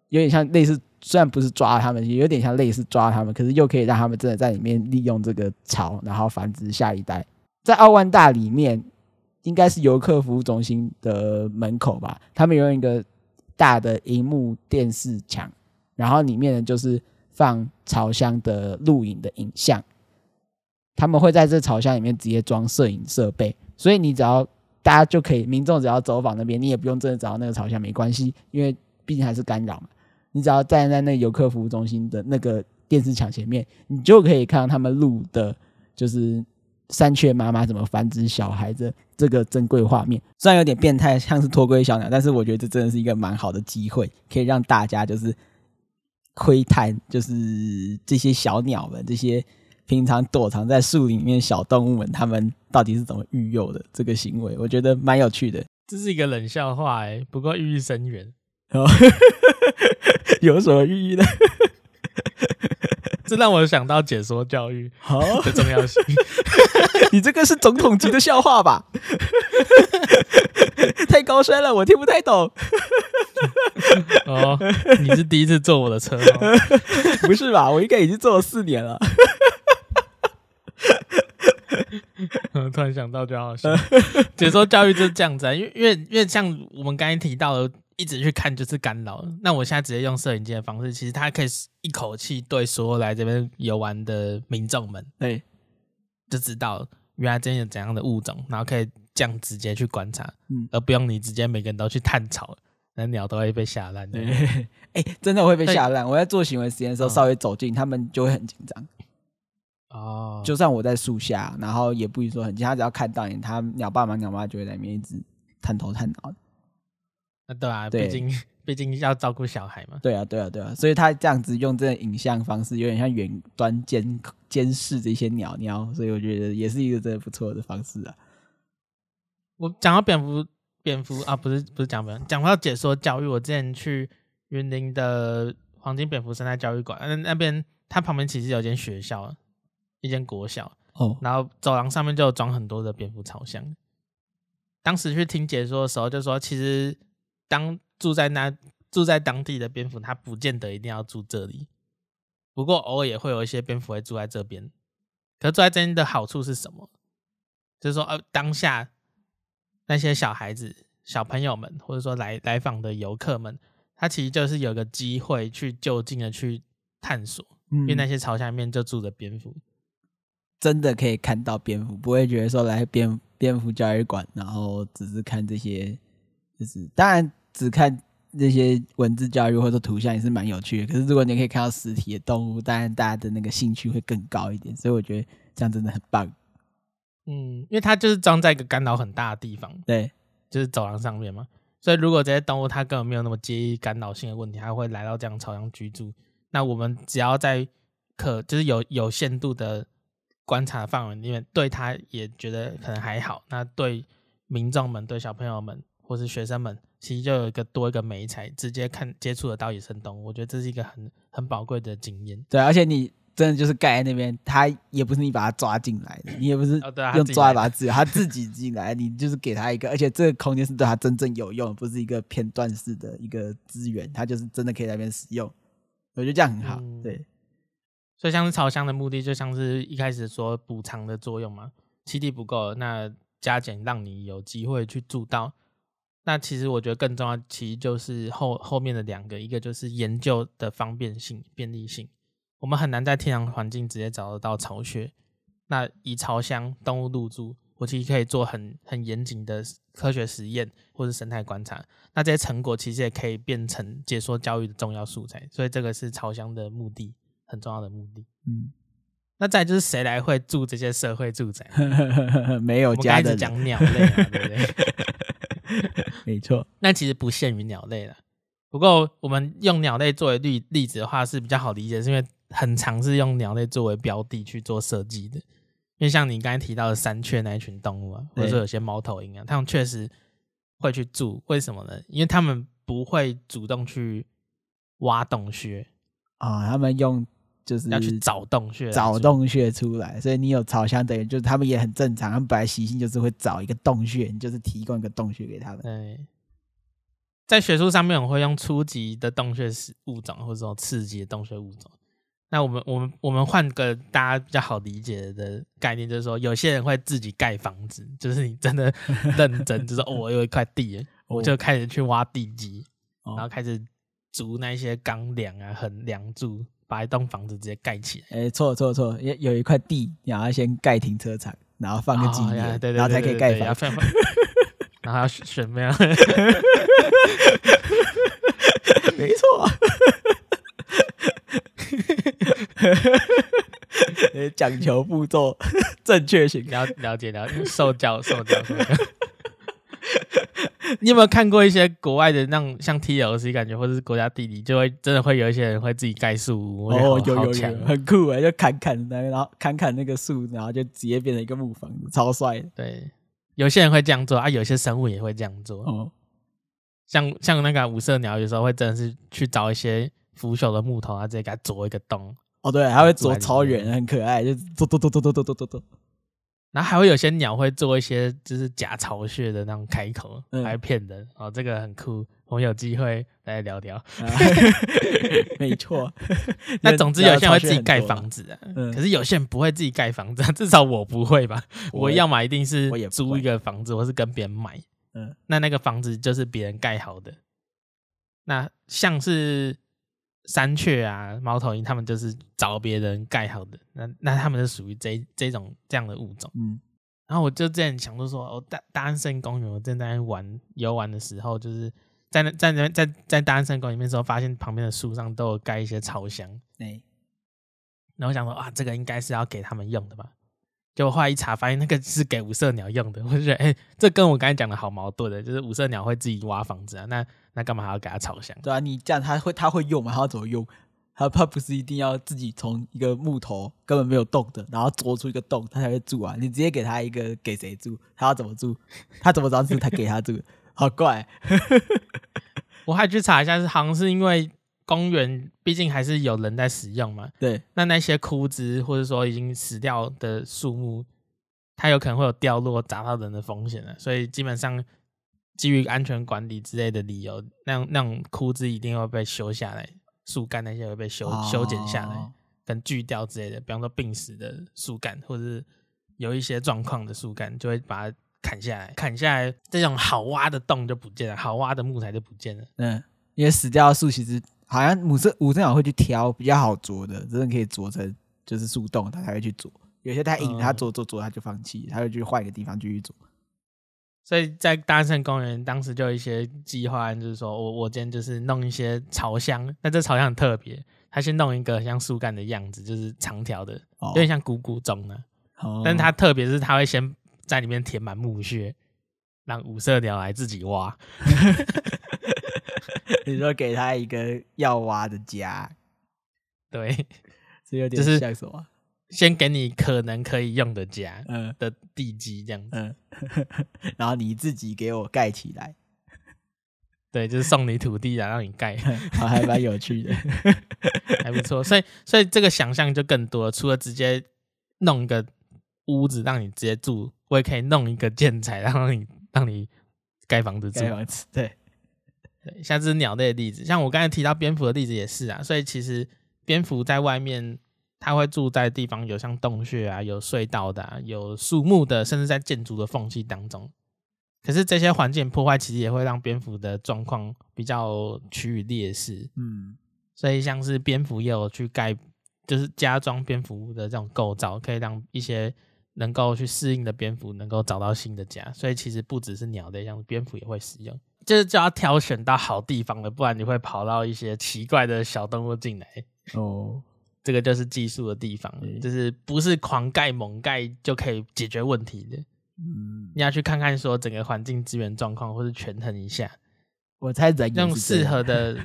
有點像類似，雖然不是抓它們，有點像類似抓它們，可是又可以讓他們真的在裡面利用這個巢，然後繁殖下一代。在奧萬大裡面，應該是遊客服務中心的門口吧？他們有一個大的熒幕電視牆，然後裡面呢就是放。巢箱的錄影的影像，他們會在這巢箱裡面直接裝攝影設備，所以你只要大家就可以，民眾只要走訪那邊，你也不用真的找到那個巢箱。沒關係，因為畢竟還是干擾嘛。你只要站在那遊客服務中心的那個電視牆前面，你就可以看到他們錄的，就是山雀媽媽怎麼繁殖小孩的這個珍貴畫面。雖然有點變態，像是脫龜小鳥，但是我覺得這真的是一個蠻好的機會，可以讓大家就是。窺探就是這些小鳥們，這些平常躲藏在樹林裡面小動物們，他們到底是怎麼育幼的這個行為，我覺得蠻有趣的。這是一個冷笑話哎、欸，不過寓意深遠。哦、 有什麼寓意呢？ 這讓我想到解說教育好的重要性。哦、 你這個是總統級的笑話吧？ 太高深了，我聽不太懂。 哦，你是第一次坐我的車嗎？ 不是吧，我應該已經坐了四年了。嗯， 突然想到，就好笑，解說教育就是這樣子啊，因為因為因為像我們剛才提到的，一直去看就是干擾。那我現在直接用攝影機的方式，其實它可以一口氣對所有來這邊遊玩的民眾們，對，就知道原來這邊有怎樣的物種，然後可以。這樣直接去觀察、嗯，而不用你直接每個人都去探巢，那鳥都會被嚇爛。哎、欸，真的會被嚇爛。我在做行為實驗的時候，稍微走近、哦，他們就會很緊張。哦，就算我在樹下，然後也不一定說很近，他只要看到你，他鳥爸媽鳥媽就會在裡面一直探頭探腦啊，對啊，畢竟畢竟要照顧小孩嘛。對啊，對啊，對啊，所以他這樣子用這個影像方式，有點像遠端監監視這些鳥鳥，所以我覺得也是一個真的不錯的方式啊。我講到蝙蝠，蝙蝠啊，不是不是講蝙蝠，講到解說教育。我之前去雲林的黃金蝙蝠生態教育館，那那邊它旁邊其實有一間學校，一間國小。然後走廊上面就有裝很多的蝙蝠巢箱。當時去聽解說的時候，就說其實當住在那住在當地的蝙蝠，它不見得一定要住這裡，不過偶爾也會有一些蝙蝠會住在這邊。可是住在這邊的好處是什麼？就是說呃、啊，當下。那些小孩子、小朋友們，或者說，來來訪的遊客們，他其實就是有個機會去就近的去探索，因為那些巢下面就住着蝙蝠、嗯，真的可以看到蝙蝠，不會覺得說，來蝙蝙蝠教育館，然後只是看這些，就是當然只看這些文字教育或者圖像也是蠻有趣的，可是如果你可以看到實體的動物，當然大家的那個興趣會更高一點，所以我覺得這樣真的很棒。嗯，因為它就是裝在一個干擾很大的地方，對，就是走廊上面嘛，所以如果這些動物它根本沒有那麼介意干擾性的問題，它會來到這樣巢箱居住。那我們只要在可就是有有限度的觀察範圍裡面，對它也覺得可能還好。那對民眾們、對小朋友們或是學生們，其實就有一個多一個媒材直接看接觸得到野生動物，我覺得這是一個很很寶貴的經驗。對，而且你。真的就是蓋在那邊，他也不是你把他抓進來的，你也不是用抓把他自、哦啊、他自己進來，來， 你就是給他一個，而且這個空間是對他真正有用，不是一個片段式的一個資源，他就是真的可以在那邊使用，我覺得這樣很好。嗯、對，所以像是巢箱的目的，就像是一開始說補償的作用嘛，棲地不夠，那加減讓你有機會去住到。那其實我覺得更重要，其實就是後後面的兩個，一個就是研究的方便性、便利性。我們很難在天然環境直接找得到巢穴。那以巢箱動物入住，我其實可以做很很嚴謹的科學實驗或是生態觀察。那這些成果其實也可以變成解說教育的重要素材。所以這個是巢箱的目的，很重要的目的。嗯。那再來就是誰來會住這些社會住宅？ 沒有家的。我們一直講鳥類啊，對不對？ 沒錯錯。 那其實不限於鳥類了。不過我們用鳥類作為例例子的話，是比較好理解的，是因為。很常是用鳥類作為標的去做設計的，因為像你剛才提到的山雀那一群動物啊，或者說有些貓頭鷹啊，它們確實會去住，為什麼呢？因為他們不會主動去挖洞穴啊，他們用就是要去找洞穴，找洞穴出來。所以你有巢箱等於就是它們也很正常，他們本來習性就是會找一個洞穴，就是提供一個洞穴給他們。在學術上面，我們會用初級的洞穴物種，或者說次級的洞穴物種。那我們我們我們換個大家比較好理解的概念，就是說，有些人會自己蓋房子，就是你真的認真，就是我、 哦、有一塊地，我就開始去挖地基，哦、然後開始築那些鋼梁啊、橫梁柱，把一棟房子直接蓋起來。哎、欸，錯錯錯，有一塊地，然後先蓋停車場，然後放個幾、哦、然後才可以蓋房。然後要選什沒有 沒錯。講 求步驟正確性， 了解了解，了解，受教受教，受教 你有沒有看過一些國外的那種像 TLC 感覺，或者是國家地理，就會真的會有一些人會自己蓋樹屋？哦，有有有有，有有有，很酷哎！就砍砍那個，然後砍砍那個樹，然後就直接變成一個木房子，超帥。對，有些人會這樣做啊，有些生物也會這樣做哦、嗯。像像那個五色鳥，有時候會真的是去找一些腐朽的木頭，然後直接給它啄一個洞。哦，對，還會做超遠很可愛，就嘟嘟嘟嘟嘟嘟嘟嘟，打打打打打然後還會有些鳥會做一些就是假巢穴的那種開口來騙、嗯、人，哦，這個很酷，我們有機會來聊聊、嗯 沒錯。沒錯，那總之有些人會自己蓋房子、啊，嗯、可是有些人不會自己蓋房子、啊，至少我不會吧？我，我要麼一定是租一個房子，或是跟別人買。嗯、那那個房子就是別人蓋好的。嗯、那像是。山雀啊，貓頭鷹，他們就是找別人蓋好的，那那他們是屬於這這種這樣的物種。嗯、然後我就這樣想，着說我大大安森林公園，我正在玩遊玩的時候，就是在那在那在在大安森林公園裡面時候，發現旁邊的樹上都有蓋一些巢箱。對、欸，然後我想說，哇、啊，這個應該是要給他們用的吧？結果我後來一查，發現那個是給五色鳥用的。我就覺得、欸，這跟我剛才講的好矛盾的，就是五色鳥會自己挖房子啊？那。他幹嘛還要給他巢箱？對啊，你這樣他會他會用嗎？他要怎麼用？他怕不是一定要自己從一個木頭根本沒有洞的，然後鑿出一個洞他才會住啊？你直接給他一個給誰住？他要怎麼住？他怎麼知道自己？他給他住？ 好怪，欸！ 我還去查一下，是好像是因為公園畢竟還是有人在使用嘛。對，那那些枯枝或者說已經死掉的樹木，它有可能會有掉落砸到人的風險的，啊，所以基本上。基於安全管理之類的理由，那種那種枯枝一定會被修下來，樹幹那些會被修、哦、修剪下來，跟鋸掉之類的。比方說病死的樹幹，或者是有一些狀況的樹幹，就會把它砍下來。砍下來，這種好挖的洞就不見了，好挖的木材就不見了。 嗯，因為死掉的樹其實好像五色鳥五色鳥會去挑比較好啄的，真正可以啄成就是樹洞，它才會去啄。有些太硬，它啄啄啄，它、嗯、就放棄，它會去換一個地方繼續啄。所以在大安森林公園，當時就有一些計劃，就是說我我今天就是弄一些巢箱。那這巢箱很特別，他先弄一個像樹幹的樣子，就是長條的，有、哦、點像古古鐘的、啊哦。但它他特別是他會先在裡面填滿木屑，讓五色鳥來自己挖。 你說給他一個要挖的家，對，這有點像什麼？就是先給你可能可以用的家的地基這樣子，嗯嗯呵呵，然後你自己給我蓋起來。對，就是送你土地啊，讓你蓋，哦，還蠻有趣的， 還不錯。所以，所以這個想象就更多了。除了直接弄一個屋子讓你直接住，我也可以弄一個建材，然後你讓你蓋房子住房子。對，對，像是鳥類的例子，像我剛才提到蝙蝠的例子也是啊。所以其實蝙蝠在外面。它會住在地方有像洞穴啊、有隧道的、啊、有樹木的，甚至在建築的縫隙當中。可是這些環境破壞，其實也會讓蝙蝠的狀況比較趨於劣勢。嗯，所以像是蝙蝠也有去蓋，就是加裝蝙蝠的這種構造，可以讓一些能夠去適應的蝙蝠能夠找到新的家。所以其實不只是鳥類，像蝙蝠也會使用，就是就要挑選到好地方了，不然你會跑到一些奇怪的小動物進來哦。這個就是技術的地方、嗯，就是不是狂蓋猛蓋就可以解決問題的。嗯，你要去看看說整個環境資源狀況，或是權衡一下。我猜人這用適合的，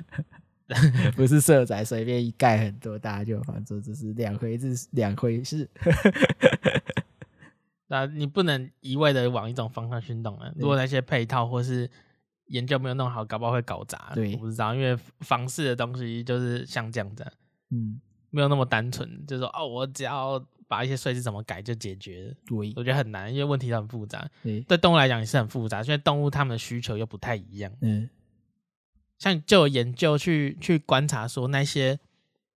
不是社宅隨 便一蓋很多，大家就有房子，這是兩回事，兩回事。那你不能一味的往一種方向去弄、啊。了。如果那些配套或是研究沒有弄好，搞不好會搞砸。對，我不知道，因為房市的東西就是像這樣子、啊。嗯。沒有那麼單純，就是說哦，我只要把一些稅制怎麼改就解決了？對，我覺得很難，因為問題都很複雜。對，對動物來講也是很複雜，因為動物它們的需求又不太一樣。嗯，像就有研究去去觀察說，那些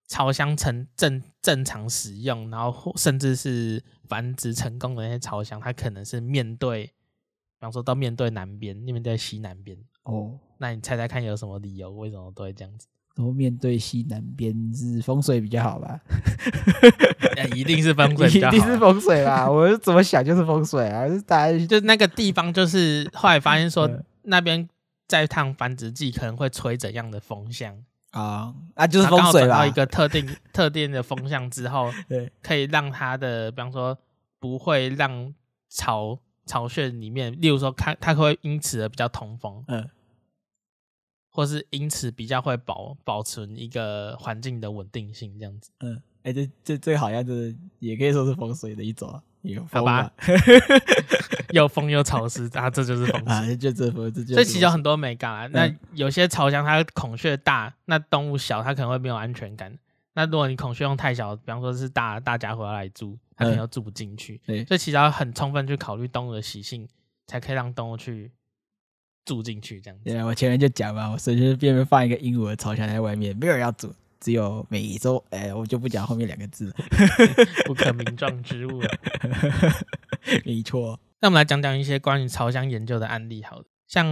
巢箱正正正常使用，然後甚至是繁殖成功的那些巢箱，它可能是面對，比方說到面對南邊那邊在西南邊。哦，那你猜猜看有什麼理由，為什麼都會這樣子？都面對西南邊，是風水比較好吧 ？一定是風水， 一定是風水啦！ 我怎麼想就是風水啊！就是大家就那個地方，就是後來發現說、 嗯、那邊在趟繁殖季可能會吹怎樣的風向啊？啊就是風水啦！到一個特定 特定的風向之後， 對，可以讓它的，比方說不會讓巢巢穴裡面，例如說看它，它會因此而比較通風，嗯。或是因此比較會保保存一個環境的穩定性這樣子，嗯，哎、欸，這這這好像就是也可以說是風水的一種，好吧？又 風 又潮濕啊，這就是風水，啊、就這風所以其實有很多美感啊、嗯，那有些巢箱它孔穴大，那動物小，它可能會沒有安全感。那如果你孔穴用太小，比方說是大大家伙要來住，它可能要住不進去、嗯欸。所以其實要很充分去考慮動物的習性，才可以讓動物去。住進去這樣、嗯，對我前面就講嘛，我隨隨便便放一個鸚鵡的巢箱在外面，沒有人要住，只有每周哎、欸，我就不講後面兩個字了， 不可名狀之物。沒 錯，那我們來講講一些關於巢箱研究的案例，好了，像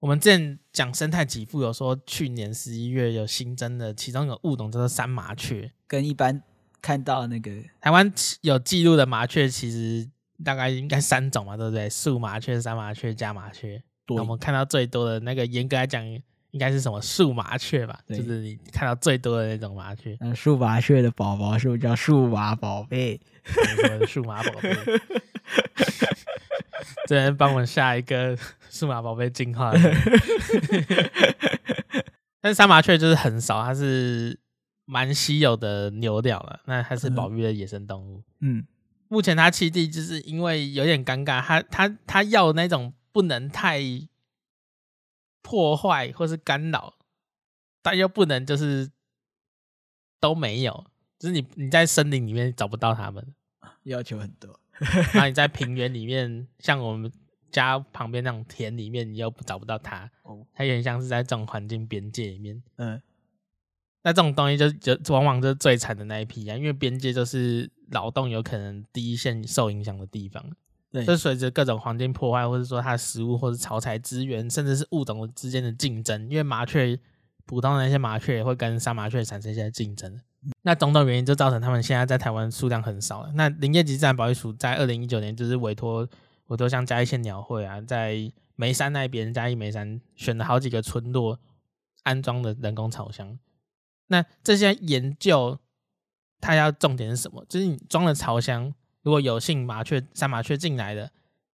我們之前講生態給付，有說去年十一月有新增的，其中一個物種叫做山麻雀，跟一般看到那個台灣有記錄的麻雀，其實大概應該三種嘛，對不對？樹麻雀、山麻雀、家麻雀。我們看到最多的那個，嚴格來講，應該是什麼樹麻雀吧？就是你看到最多的那種麻雀。嗯，樹麻雀的寶寶是不是叫樹麻寶貝？什麼，什麼樹麻寶貝？這邊 能幫我下一個樹麻寶貝進化？ 但是山麻雀就是很少，它是蠻稀有的牛鳥了。那它是保育的野生動物。嗯，目前它棲地就是因為有點尷尬，它它它要那種。不能太破壞或是干擾，但又不能就是都沒有，就是你你在森林裡面找不到他們，要求很多。那你在平原裡面， 像我們家旁邊那種田裡面，你又不找不到它。哦，它有點像是在這種環境邊界裡面。嗯，那這種東西就就往往就是最慘的那一批啊，因為邊界就是勞動有可能第一線受影響的地方。對，是隨着各種環境破壞，或者說它的食物或者巢材資源，甚至是物種之間的競爭，因為麻雀普通的那些麻雀也會跟山麻雀產生一些競爭。那種種原因就造成他們現在在台灣數量很少了。那林業及自然保育署在二零一九年就是委託委託像嘉義縣鳥會啊，在梅山那邊嘉義梅山選了好幾個村落安裝的人工巢箱。那這些研究，它要重點是什麼？就是你裝了巢箱。如果有幸麻雀、山麻雀進來的，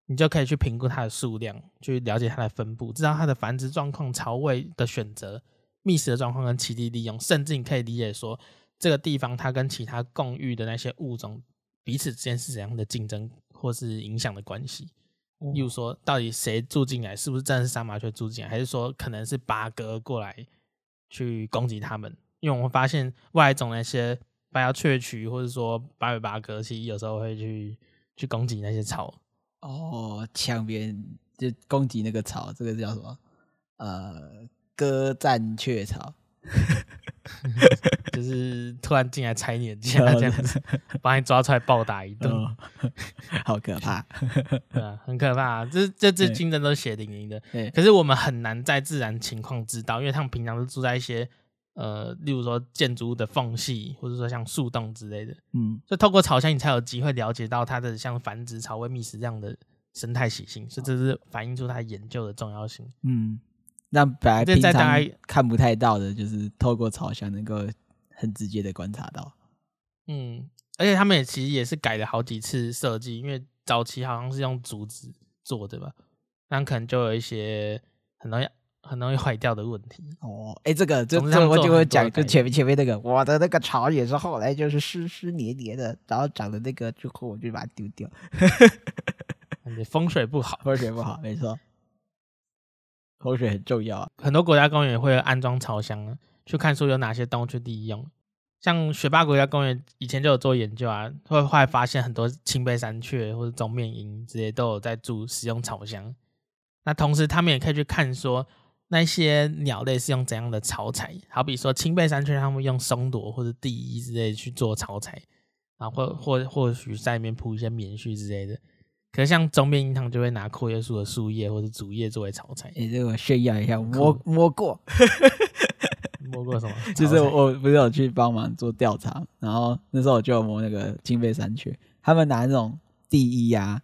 你就可以去評估它的數量，去了解它的分布，知道它的繁殖狀況、巢位的選擇、覓食的狀況跟棲地利用，甚至你可以理解說這個地方它跟其他共域的那些物種彼此之間是怎樣的競爭或是影響的關係。嗯。例如說，到底誰住進來，是不是真的是山麻雀住進來，還是說可能是八哥過來去攻擊它們？因為我們發現外來種那些。白腰鵲鴝，或者說八尾八哥，其實有時候會去去攻擊那些草哦，搶別，就攻擊那個草，這個叫什麼？呃，鳩佔鵲巢。 就是突然進來拆你家，哦，這樣子，把你抓出來暴打一頓，哦、好可怕 對、啊，很可怕。這這競爭，都血淋淋的，可是我們很難在自然情況知道，因為他們平常都住在一些。呃，例如說建築物的縫隙，或者說像樹洞之類的，嗯，所以透過巢箱，你才有機會了解到它的像繁殖、巢位覓食這樣的生態習性，哦，所以這是反映出它研究的重要性。嗯，那本來平常看不太到的，就是透過巢箱能夠很直接的觀察到。嗯，而且他們也其實也是改了好幾次設計，因為早期好像是用竹子做的吧，那可能就有一些很容易。很容易壞掉的問題哦，哎，這個這我就會講，就前面前面那個，我的那個巢也是後來就是濕濕黏黏的，然後長的那個，之後我就把它丟掉。 風水不好，風水不好，沒錯，風水很重要啊，很多國家公園會安裝巢箱，去看說有哪些動物去利用，像雪霸國家公園以前就有做研究啊，會後來發現很多青背山雀或者棕面鶯這些都有在住使用巢箱。那同時他們也可以去看說。那些鳥類是用怎樣的巢材？好比說，青背山雀他們用松朵或者地衣之類的去做巢材，然後或或許在裡面鋪一些棉絮之類的。可是像棕面鶯就會拿闊葉樹的樹葉或者竹葉作為巢材。你、欸、這個炫耀一下，摸摸過？ 摸過什麼？就是我不是有去幫忙做調查，然後那時候我就有摸那個青背山雀，他們拿那種地衣啊，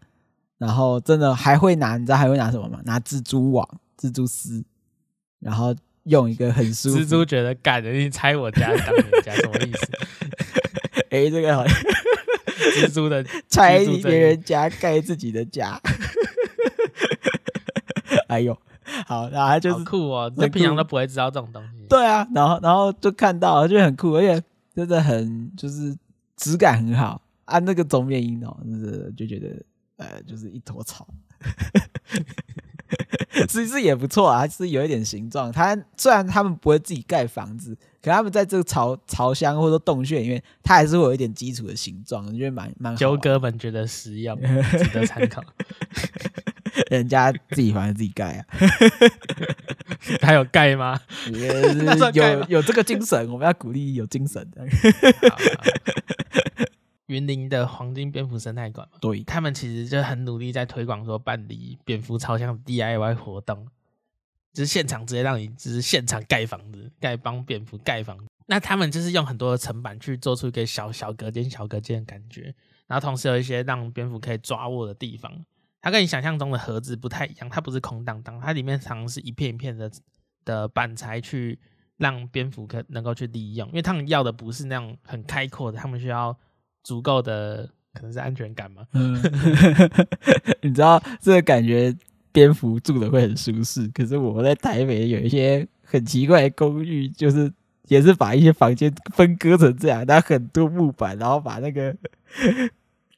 然後真的還會拿，你知道還會拿什麼嗎？拿蜘蛛網、蜘蛛絲。然後用一個很舒服，蜘蛛覺得乾的，你拆我家當你的家，什麼意思？誒、 欸、這個好像蜘蛛的拆別人家蓋自己的家。 哎呦，好，然後就是很酷，酷哦，這平常都不會知道這種東西。對啊，然後然後就看到了，就很酷，而且真的很就是質感很好。按、啊、那個中面音哦，就是就覺得呃，就是一坨草。 其實是也不錯啊，是有一點形狀。它雖然他們不會自己蓋房子，可他們在這個巢巢箱或者洞穴裡面，它還是會有一點基礎的形狀，覺得蠻蠻好。九哥們覺得實用，值得參考。 人家自己房子自己蓋啊，還 有蓋嗎？有有，有這個精神，我們要鼓勵有精神 雲林的黃金蝙蝠生態館對他們其實就很努力在推廣說辦理蝙蝠巢箱 DIY 活動，就是現場直接讓你就是現場蓋房子，蓋幫蝙蝠蓋房子。那他們就是用很多的層板去做出一個小小隔間、小隔間的感覺，然後同時有一些讓蝙蝠可以抓握的地方。它跟你想象中的盒子不太一樣，它不是空蕩蕩，它裡面常常是一片一片的的板材去讓蝙蝠可能夠去利用，因為他們要的不是那種很開闊的，他們需要。足夠的可能是安全感嘛、嗯？ 你知道這個感覺，蝙蝠住的會很舒適。可是我在台北有一些很奇怪的公寓，就是也是把一些房間分割成這樣，拿很多木板，然後把那個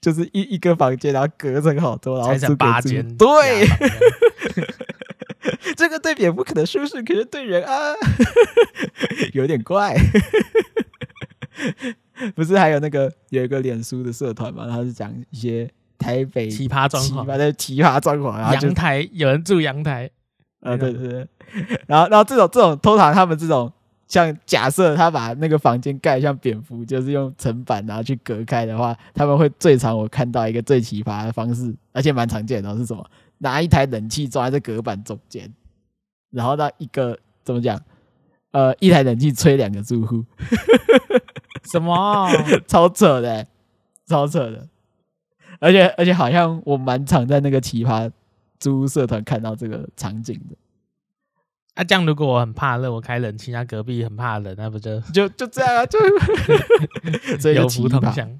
就是一一個房間，然後隔成好多，然後是八間。對， 這個對蝙蝠可能舒適，可是對人啊， 有點怪。 不是還有那個有一個臉書的社團嗎？他是講一些台北奇葩狀況，對奇葩狀況，啊，陽台有人住陽台，啊、呃、對對對， 然後然後這種這種通常他們這種像假設他把那個房間蓋像蝙蝠，就是用層板然後去隔開的話，他們會最常我看到一個最奇葩的方式，而且蠻常見的是什麼？拿一台冷氣裝在隔板中間，然後讓一個怎麼講？呃，一台冷氣吹兩個住戶。 什麼、啊？超扯的、欸，超扯的！而且而且，好像我蠻常在那個奇葩租屋社團看到這個場景的。啊，這樣如果我很怕熱，我開冷氣；那隔壁很怕冷，那不就就就這樣啊？就, 所以就奇葩有福同享，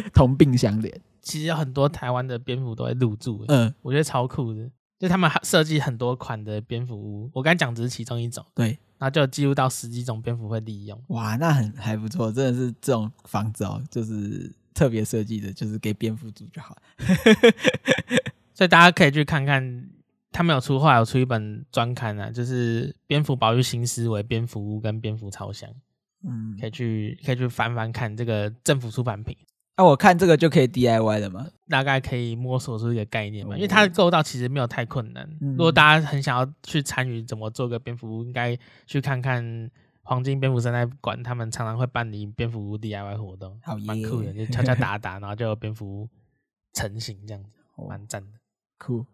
同病相憐。其實有很多台灣的蝙蝠都會入住、欸，嗯，我覺得超酷的。就他們設計很多款的蝙蝠屋，我剛講只是其中一種，對。那就記錄到十幾種蝙蝠會利用。哇，那很還不錯，真的是這種房子哦，就是特別設計的，就是給蝙蝠住就好了。 所以大家可以去看看，他們有出畫，有出一本專刊啊，就是《蝙蝠保育新思維：蝙蝠屋跟蝙蝠超像》。嗯，可以去，可以去翻翻看這個政府出版品。那我看這個就可以 DIY 了嘛？大概可以摸索出一個概念嘛？Oh, yeah. 因為它的構造其實沒有太困難、嗯。如果大家很想要去參與，怎麼做個蝙蝠應該去看看黃金蝙蝠生態館，他們常常會辦理蝙蝠屋 DIY 活動，蠻、oh, yeah. 酷的，就敲敲打打， 然後就有蝙蝠成型這樣子，蠻讚的，酷。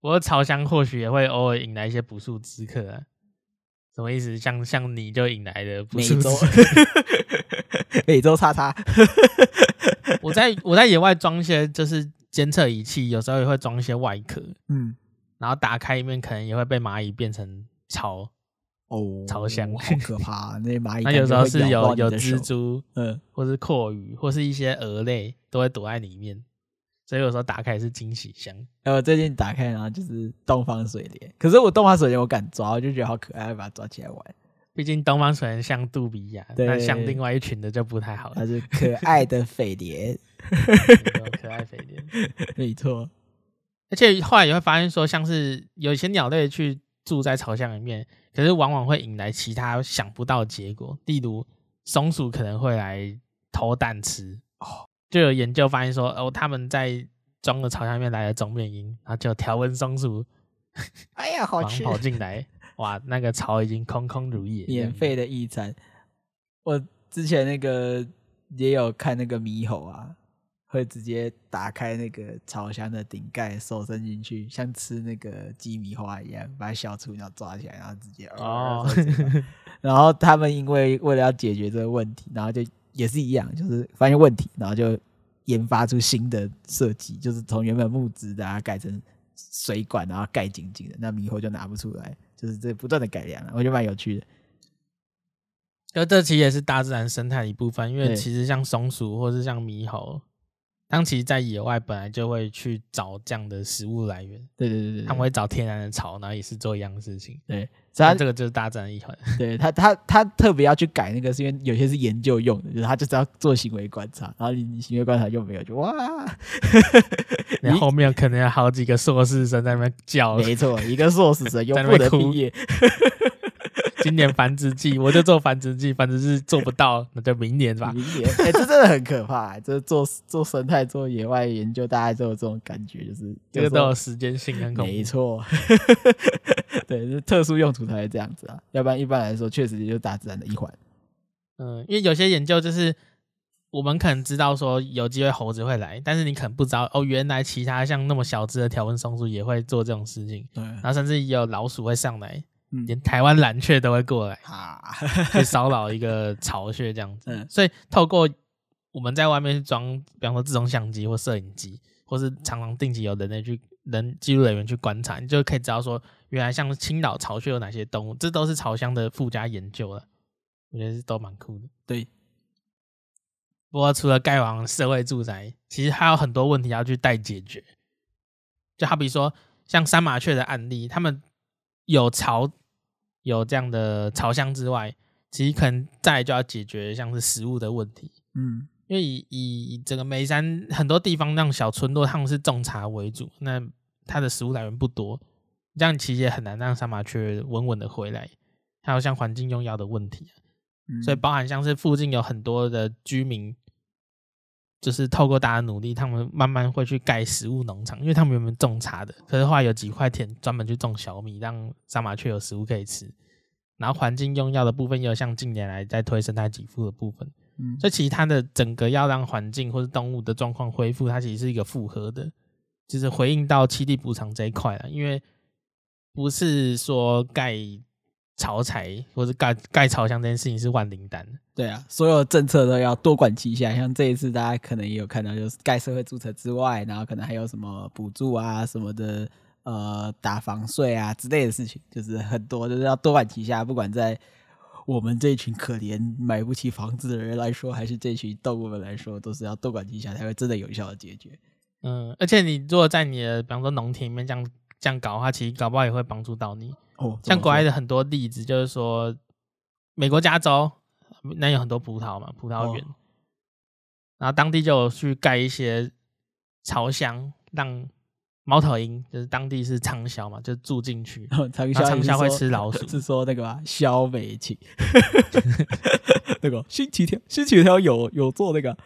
不過巢箱或許也會偶爾引來一些不速之客、啊。什麼意思？像像你就引來的不速 美洲叉叉，我在我在野外裝些就是監測儀器，有時候也會裝一些外殼，嗯，然後打開一面可能也會被螞蟻變成巢哦，巢箱很可怕、啊，那螞蟻，那有時候是有有蜘蛛，嗯，或是蛞蝓，或是一些蛾類都會躲在裡面，所以有時候打開也是驚喜箱，還、哦、有最近打開然後就是東方水蠊，可是我東方水蠊我敢抓，我就覺得好可愛，我把它抓起來玩。畢竟東方雖然像杜比亞，但像另外一群的就不太好了。他是可愛的飛碟，可愛飛碟，沒錯。而且後來也會發現說，像是有一些鳥類去住在巢箱裡面，可是往往會引來其他想不到的結果。例如松鼠可能會來偷蛋吃，哦，就有研究發現說，哦，他們在裝的巢箱裡面來了棕面鷹，然後就條紋松鼠。哎呀，好吃！跑進來。 哇，那個巢已經空空如也了。免費的一餐，我之前那個也有看，那個獼猴啊，會直接打開那個巢箱的頂蓋，手伸進去，像吃那個雞米花一樣，把小雛鳥抓起來，然後直接、呃、哦， 然後他們因為為了要解決這個問題，然後就也是一樣，就是發現問題，然後就研發出新的設計，就是從原本木質的、啊、改成水管，然後蓋緊緊的，那獼猴就拿不出來。就是這不斷的改良，我覺得蠻有趣的。而這其實也是大自然生態的一部分，因為其實像松鼠，或是像獼猴。當其實在野外本來就會去找這樣的食物來源，對對對，對他們會找天然的巢，然後也是做一樣的事情。對，嗯、所以他但這個就是大戰一團。對，他他他特別要去改那個，是因為有些是研究用的，就是、他就只要做行為觀察，然後你行為觀察又沒有，就哇，然 後後面可能有好幾個碩士生在那邊叫， 沒錯，一個碩士生又不能畢業。 今年繁殖季我就做繁殖季，反正是做不到，那就明年吧。明年，哎、欸，這真的很可怕。這 做做生態、做野外研究，大家都有這種感覺、就是，就是這個都有時間性跟。沒錯。 對，就是特殊用途才會這樣子啊，要不然一般來說，確實就大自然的一環。嗯，因為有些研究就是我們可能知道說有機會猴子會來，但是你可能不知道哦，原來其他像那麼小只的條紋松鼠也會做這種事情。對，然後甚至有老鼠會上來。嗯、連台灣藍鵲都會過來啊，會騷擾一個巢穴這樣子、嗯，所以透過我們在外面裝，比方說自動相機或攝影機，或是常常定期有人類去、人記錄人員去觀察，你就可以知道說，原來像青島巢穴有哪些動物，這都是巢箱的附加研究了。我覺得是都蠻酷的。對。不過除了蓋王社會住宅，其實還有很多問題要去待解決，就好比說像山麻雀的案例，他們。有巢有這樣的巢箱，之外，其實可能再就要解決像是食物的問題，嗯，因為以以整個梅山很多地方那種小村落，他們是種茶為主，那它的食物來源不多，這樣其實也很難讓山麻雀穩穩的回來。還有像環境用藥的問題、嗯，所以包含像是附近有很多的居民。就是透過大家努力，他們慢慢會去蓋食物農場，因為他們原本種茶的，可是話有幾塊田專門去種小米，讓山麻雀有食物可以吃。然後環境用藥的部分，又像近年來在推生態給付的部分、嗯，所以其實它的整個要讓環境或是動物的狀況恢復，它其實是一個複合的，就是回應到棲地補償這一塊了，因為不是說蓋。巢箱或者蓋蓋巢箱這件事情是萬靈丹。對啊，所有政策都要多管齊下。像這一次大家可能也有看到，就是蓋社會住宅之外，然後可能還有什麼補助啊什麼的，呃，打房稅啊之類的事情，就是很多都，就是要多管齊下。不管在我們這一群可憐買不起房子的人來說，還是這群動物們來說，都是要多管齊下才會真的有效的解決。嗯，而且你如果在你的比方說農田裡面這樣這樣搞的話，其實搞不好也會幫助到你。像國外的很多例子，就是說，美國加州那有很多葡萄嘛，葡萄園，然後當地就有去蓋一些巢箱，讓。貓頭鷹就是當地是倉鴞嘛，就住進去。倉、哦、鴞會吃老鼠，是說那個吧？蕭美琴， 那個星期天，星期天有有做那個、啊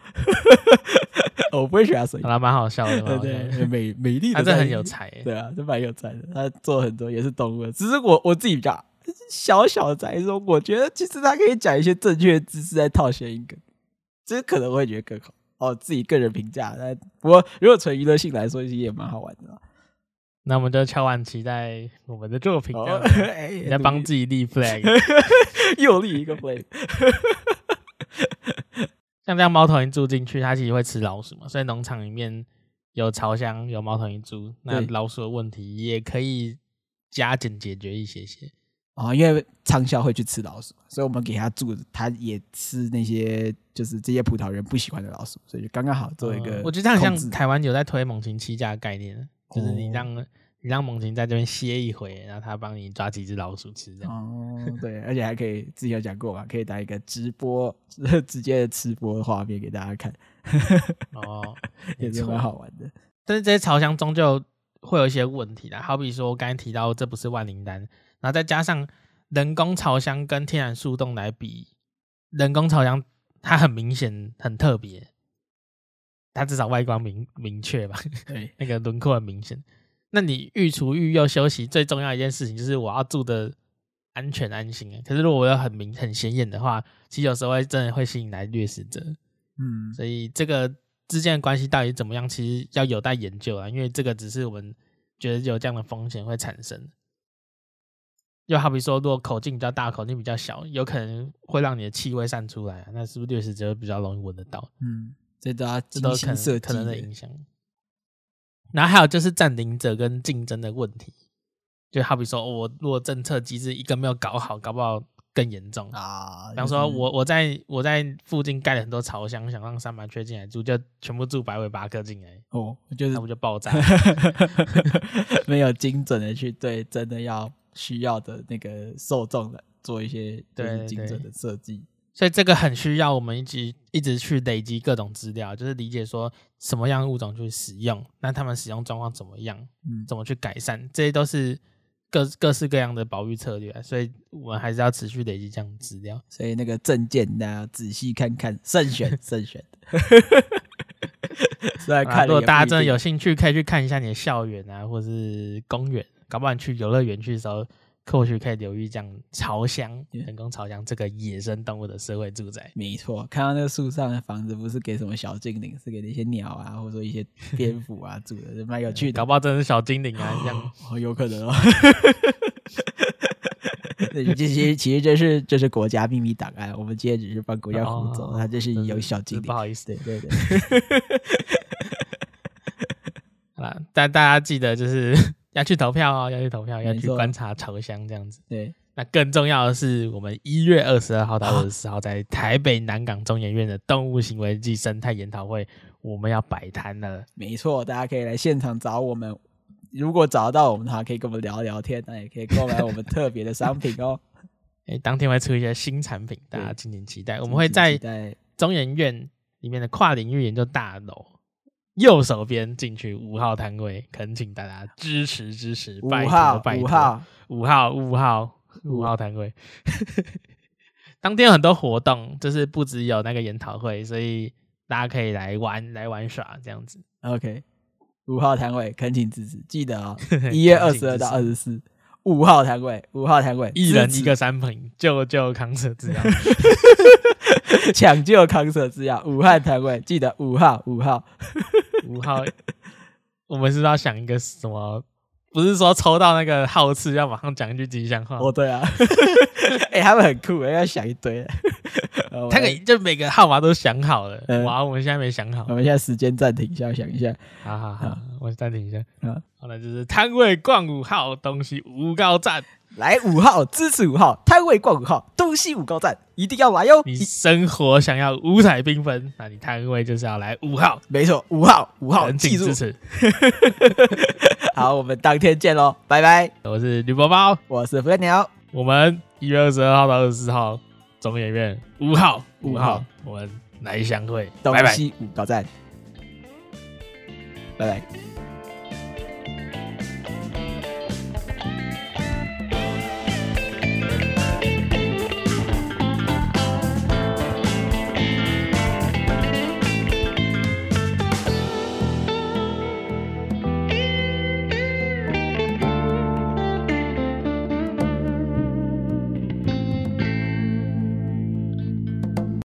哦，我不會選好那蠻好笑的嘛。對對，對 美，美美麗的，他、啊、這很有才、欸，對啊，蠻有才的。他做很多也是動物的，只是我我自己比較、就是、小小宅中，我覺得其實他可以講一些正確的知識在套諧音梗，只、就是可能會覺得更好。哦，自己個人評價，那不過如果從娛樂性來說，其實也蠻好玩的。那我們就敲完期待我們的作品了，oh, 你在幫自己立 flag， 又立一個 flag。 像這樣貓頭鷹住進去，它其實會吃老鼠嘛。所以農場裡面有巢箱，有貓頭鷹住，那老鼠的問題也可以加緊解決一些些。哦、因為倉鴞會去吃老鼠，所以我們給他住，他也吃那些，就是這些葡萄人不喜歡的老鼠，所以就剛剛好做一個、嗯。我覺得這樣，像台灣有在推猛禽棲架的概念，就是你讓、哦、你讓猛禽在這邊歇一回，然後他幫你抓幾隻老鼠吃這樣、哦、對，而且還可以，之前講過嘛，可以打一個直播直接的吃播畫面給大家看。 哦，也是蠻好玩的。但是這些巢箱終究會有一些問題的，好比說我剛才提到，這不是萬靈丹。然後再加上人工巢箱跟天然樹洞來比，人工巢箱它很明顯很特別，它至少外觀明明確吧，對， 那個輪廓很明顯。那你育雛育幼休息最重要一件事情就是我要住的安全安心啊。可是如果我要很明很顯眼的話，其實有時候會真的會吸引來掠食者。嗯，所以這個之間的關係到底怎麼樣，其實要有待研究啊，因為這個只是我們覺得有這樣的風險會產生。就好比說，如果口徑比較大，口徑比較小，有可能會讓你的氣味散出來，那是不是掠食者比較容易聞得到？嗯，這都是都可能有影響、嗯。然後還有就是占領者跟競爭的問題，就好比說、哦、我如果政策機制一個沒有搞好，搞不好更嚴重啊。比方說、就是、我我在我在附近蓋了很多巢箱，想讓三斑雀進來住，就全部住白尾八哥進來，哦，就那、是、我就爆炸， 沒有精準的去對，真的要。需要的那個受眾的做一些，些精對精準的設計，所以這個很需要我們一直一直去累積各種資料，就是理解說什麼樣物種去使用，那他們使用狀況怎麼樣，嗯，怎麼去改善，這些都是各各式各樣的保育策略，所以我們還是要持續累積這樣資料。所以那個政見呢，仔細看看，慎選慎選。再 看， 如果大家真的有興趣， 可以去看一下你的校園啊，或者是公園。搞不好你去遊樂園去的時候，或許可以留意這樣巢箱，人工巢箱這個野生動物的社會住宅。Yeah. 沒錯，看到那個樹上的房子，不是給什麼小精靈，是給那些鳥啊，或者說一些蝙蝠啊 住的，蠻有趣的。搞不好真的是小精靈啊， 這樣、哦、有可能哦。這 其實其實這、就是這、就是國家祕密檔案，我們今天只是幫國家工走。哦、它這是有小精靈、嗯嗯嗯。不好意思，對對對。對 好啦，但大家記得就是。要去投票哦，要去投票，要去觀察、巢箱這樣子。對，那更重要的是，我們一月二十二號到二十四號在台北南港中研院的動物行為暨生態研討會，我們要擺攤了。沒錯，大家可以來現場找我們。如果找到我們的話，可以跟我們聊一聊天，那也可以購買我們特別的商品哦。哎， 當天會出一些新產品，大家敬請期待。我們會在中研院裡面的跨領域研究大樓。右手邊進去五號攤位，懇請大家支持支持，拜托拜五號拜託拜託五號五號五號攤位。 當天有很多活動，就是不止有那個研討會，所以大家可以來玩來玩耍這樣子。OK，五號攤位懇請支持，記得哦、喔，一 月二十二到二十四，五號攤位五號攤位，一人一個三瓶，救救康 Sir，這樣子。 搶 救康 Sir 製藥，武漢攤位記得五號五號五號，號號 我們是，是要想一個什麼？不是說抽到那個號次要馬上講一句吉祥話？哦、oh，對啊 、欸，他們很酷，要想一堆， 他們就每個號碼都想好了、嗯。哇，我們現在沒想好，我們現在時間暫停一下，想一下。好好好，好我暫停一下。好，好那就是攤位逛五號東西五高讚。來五號支持五號攤位逛號，逛五號東西五高站，一定要來喲！你生活想要五彩繽紛，那你攤位就是要來五號，沒錯，五號五號，懇請支持。 好， 我們當天見嘍，拜拜！我是呂寶寶，我是飛鳥，我們一月二十二號到二十四號中研院五號五號,號，我們來相會東西五高站，拜拜。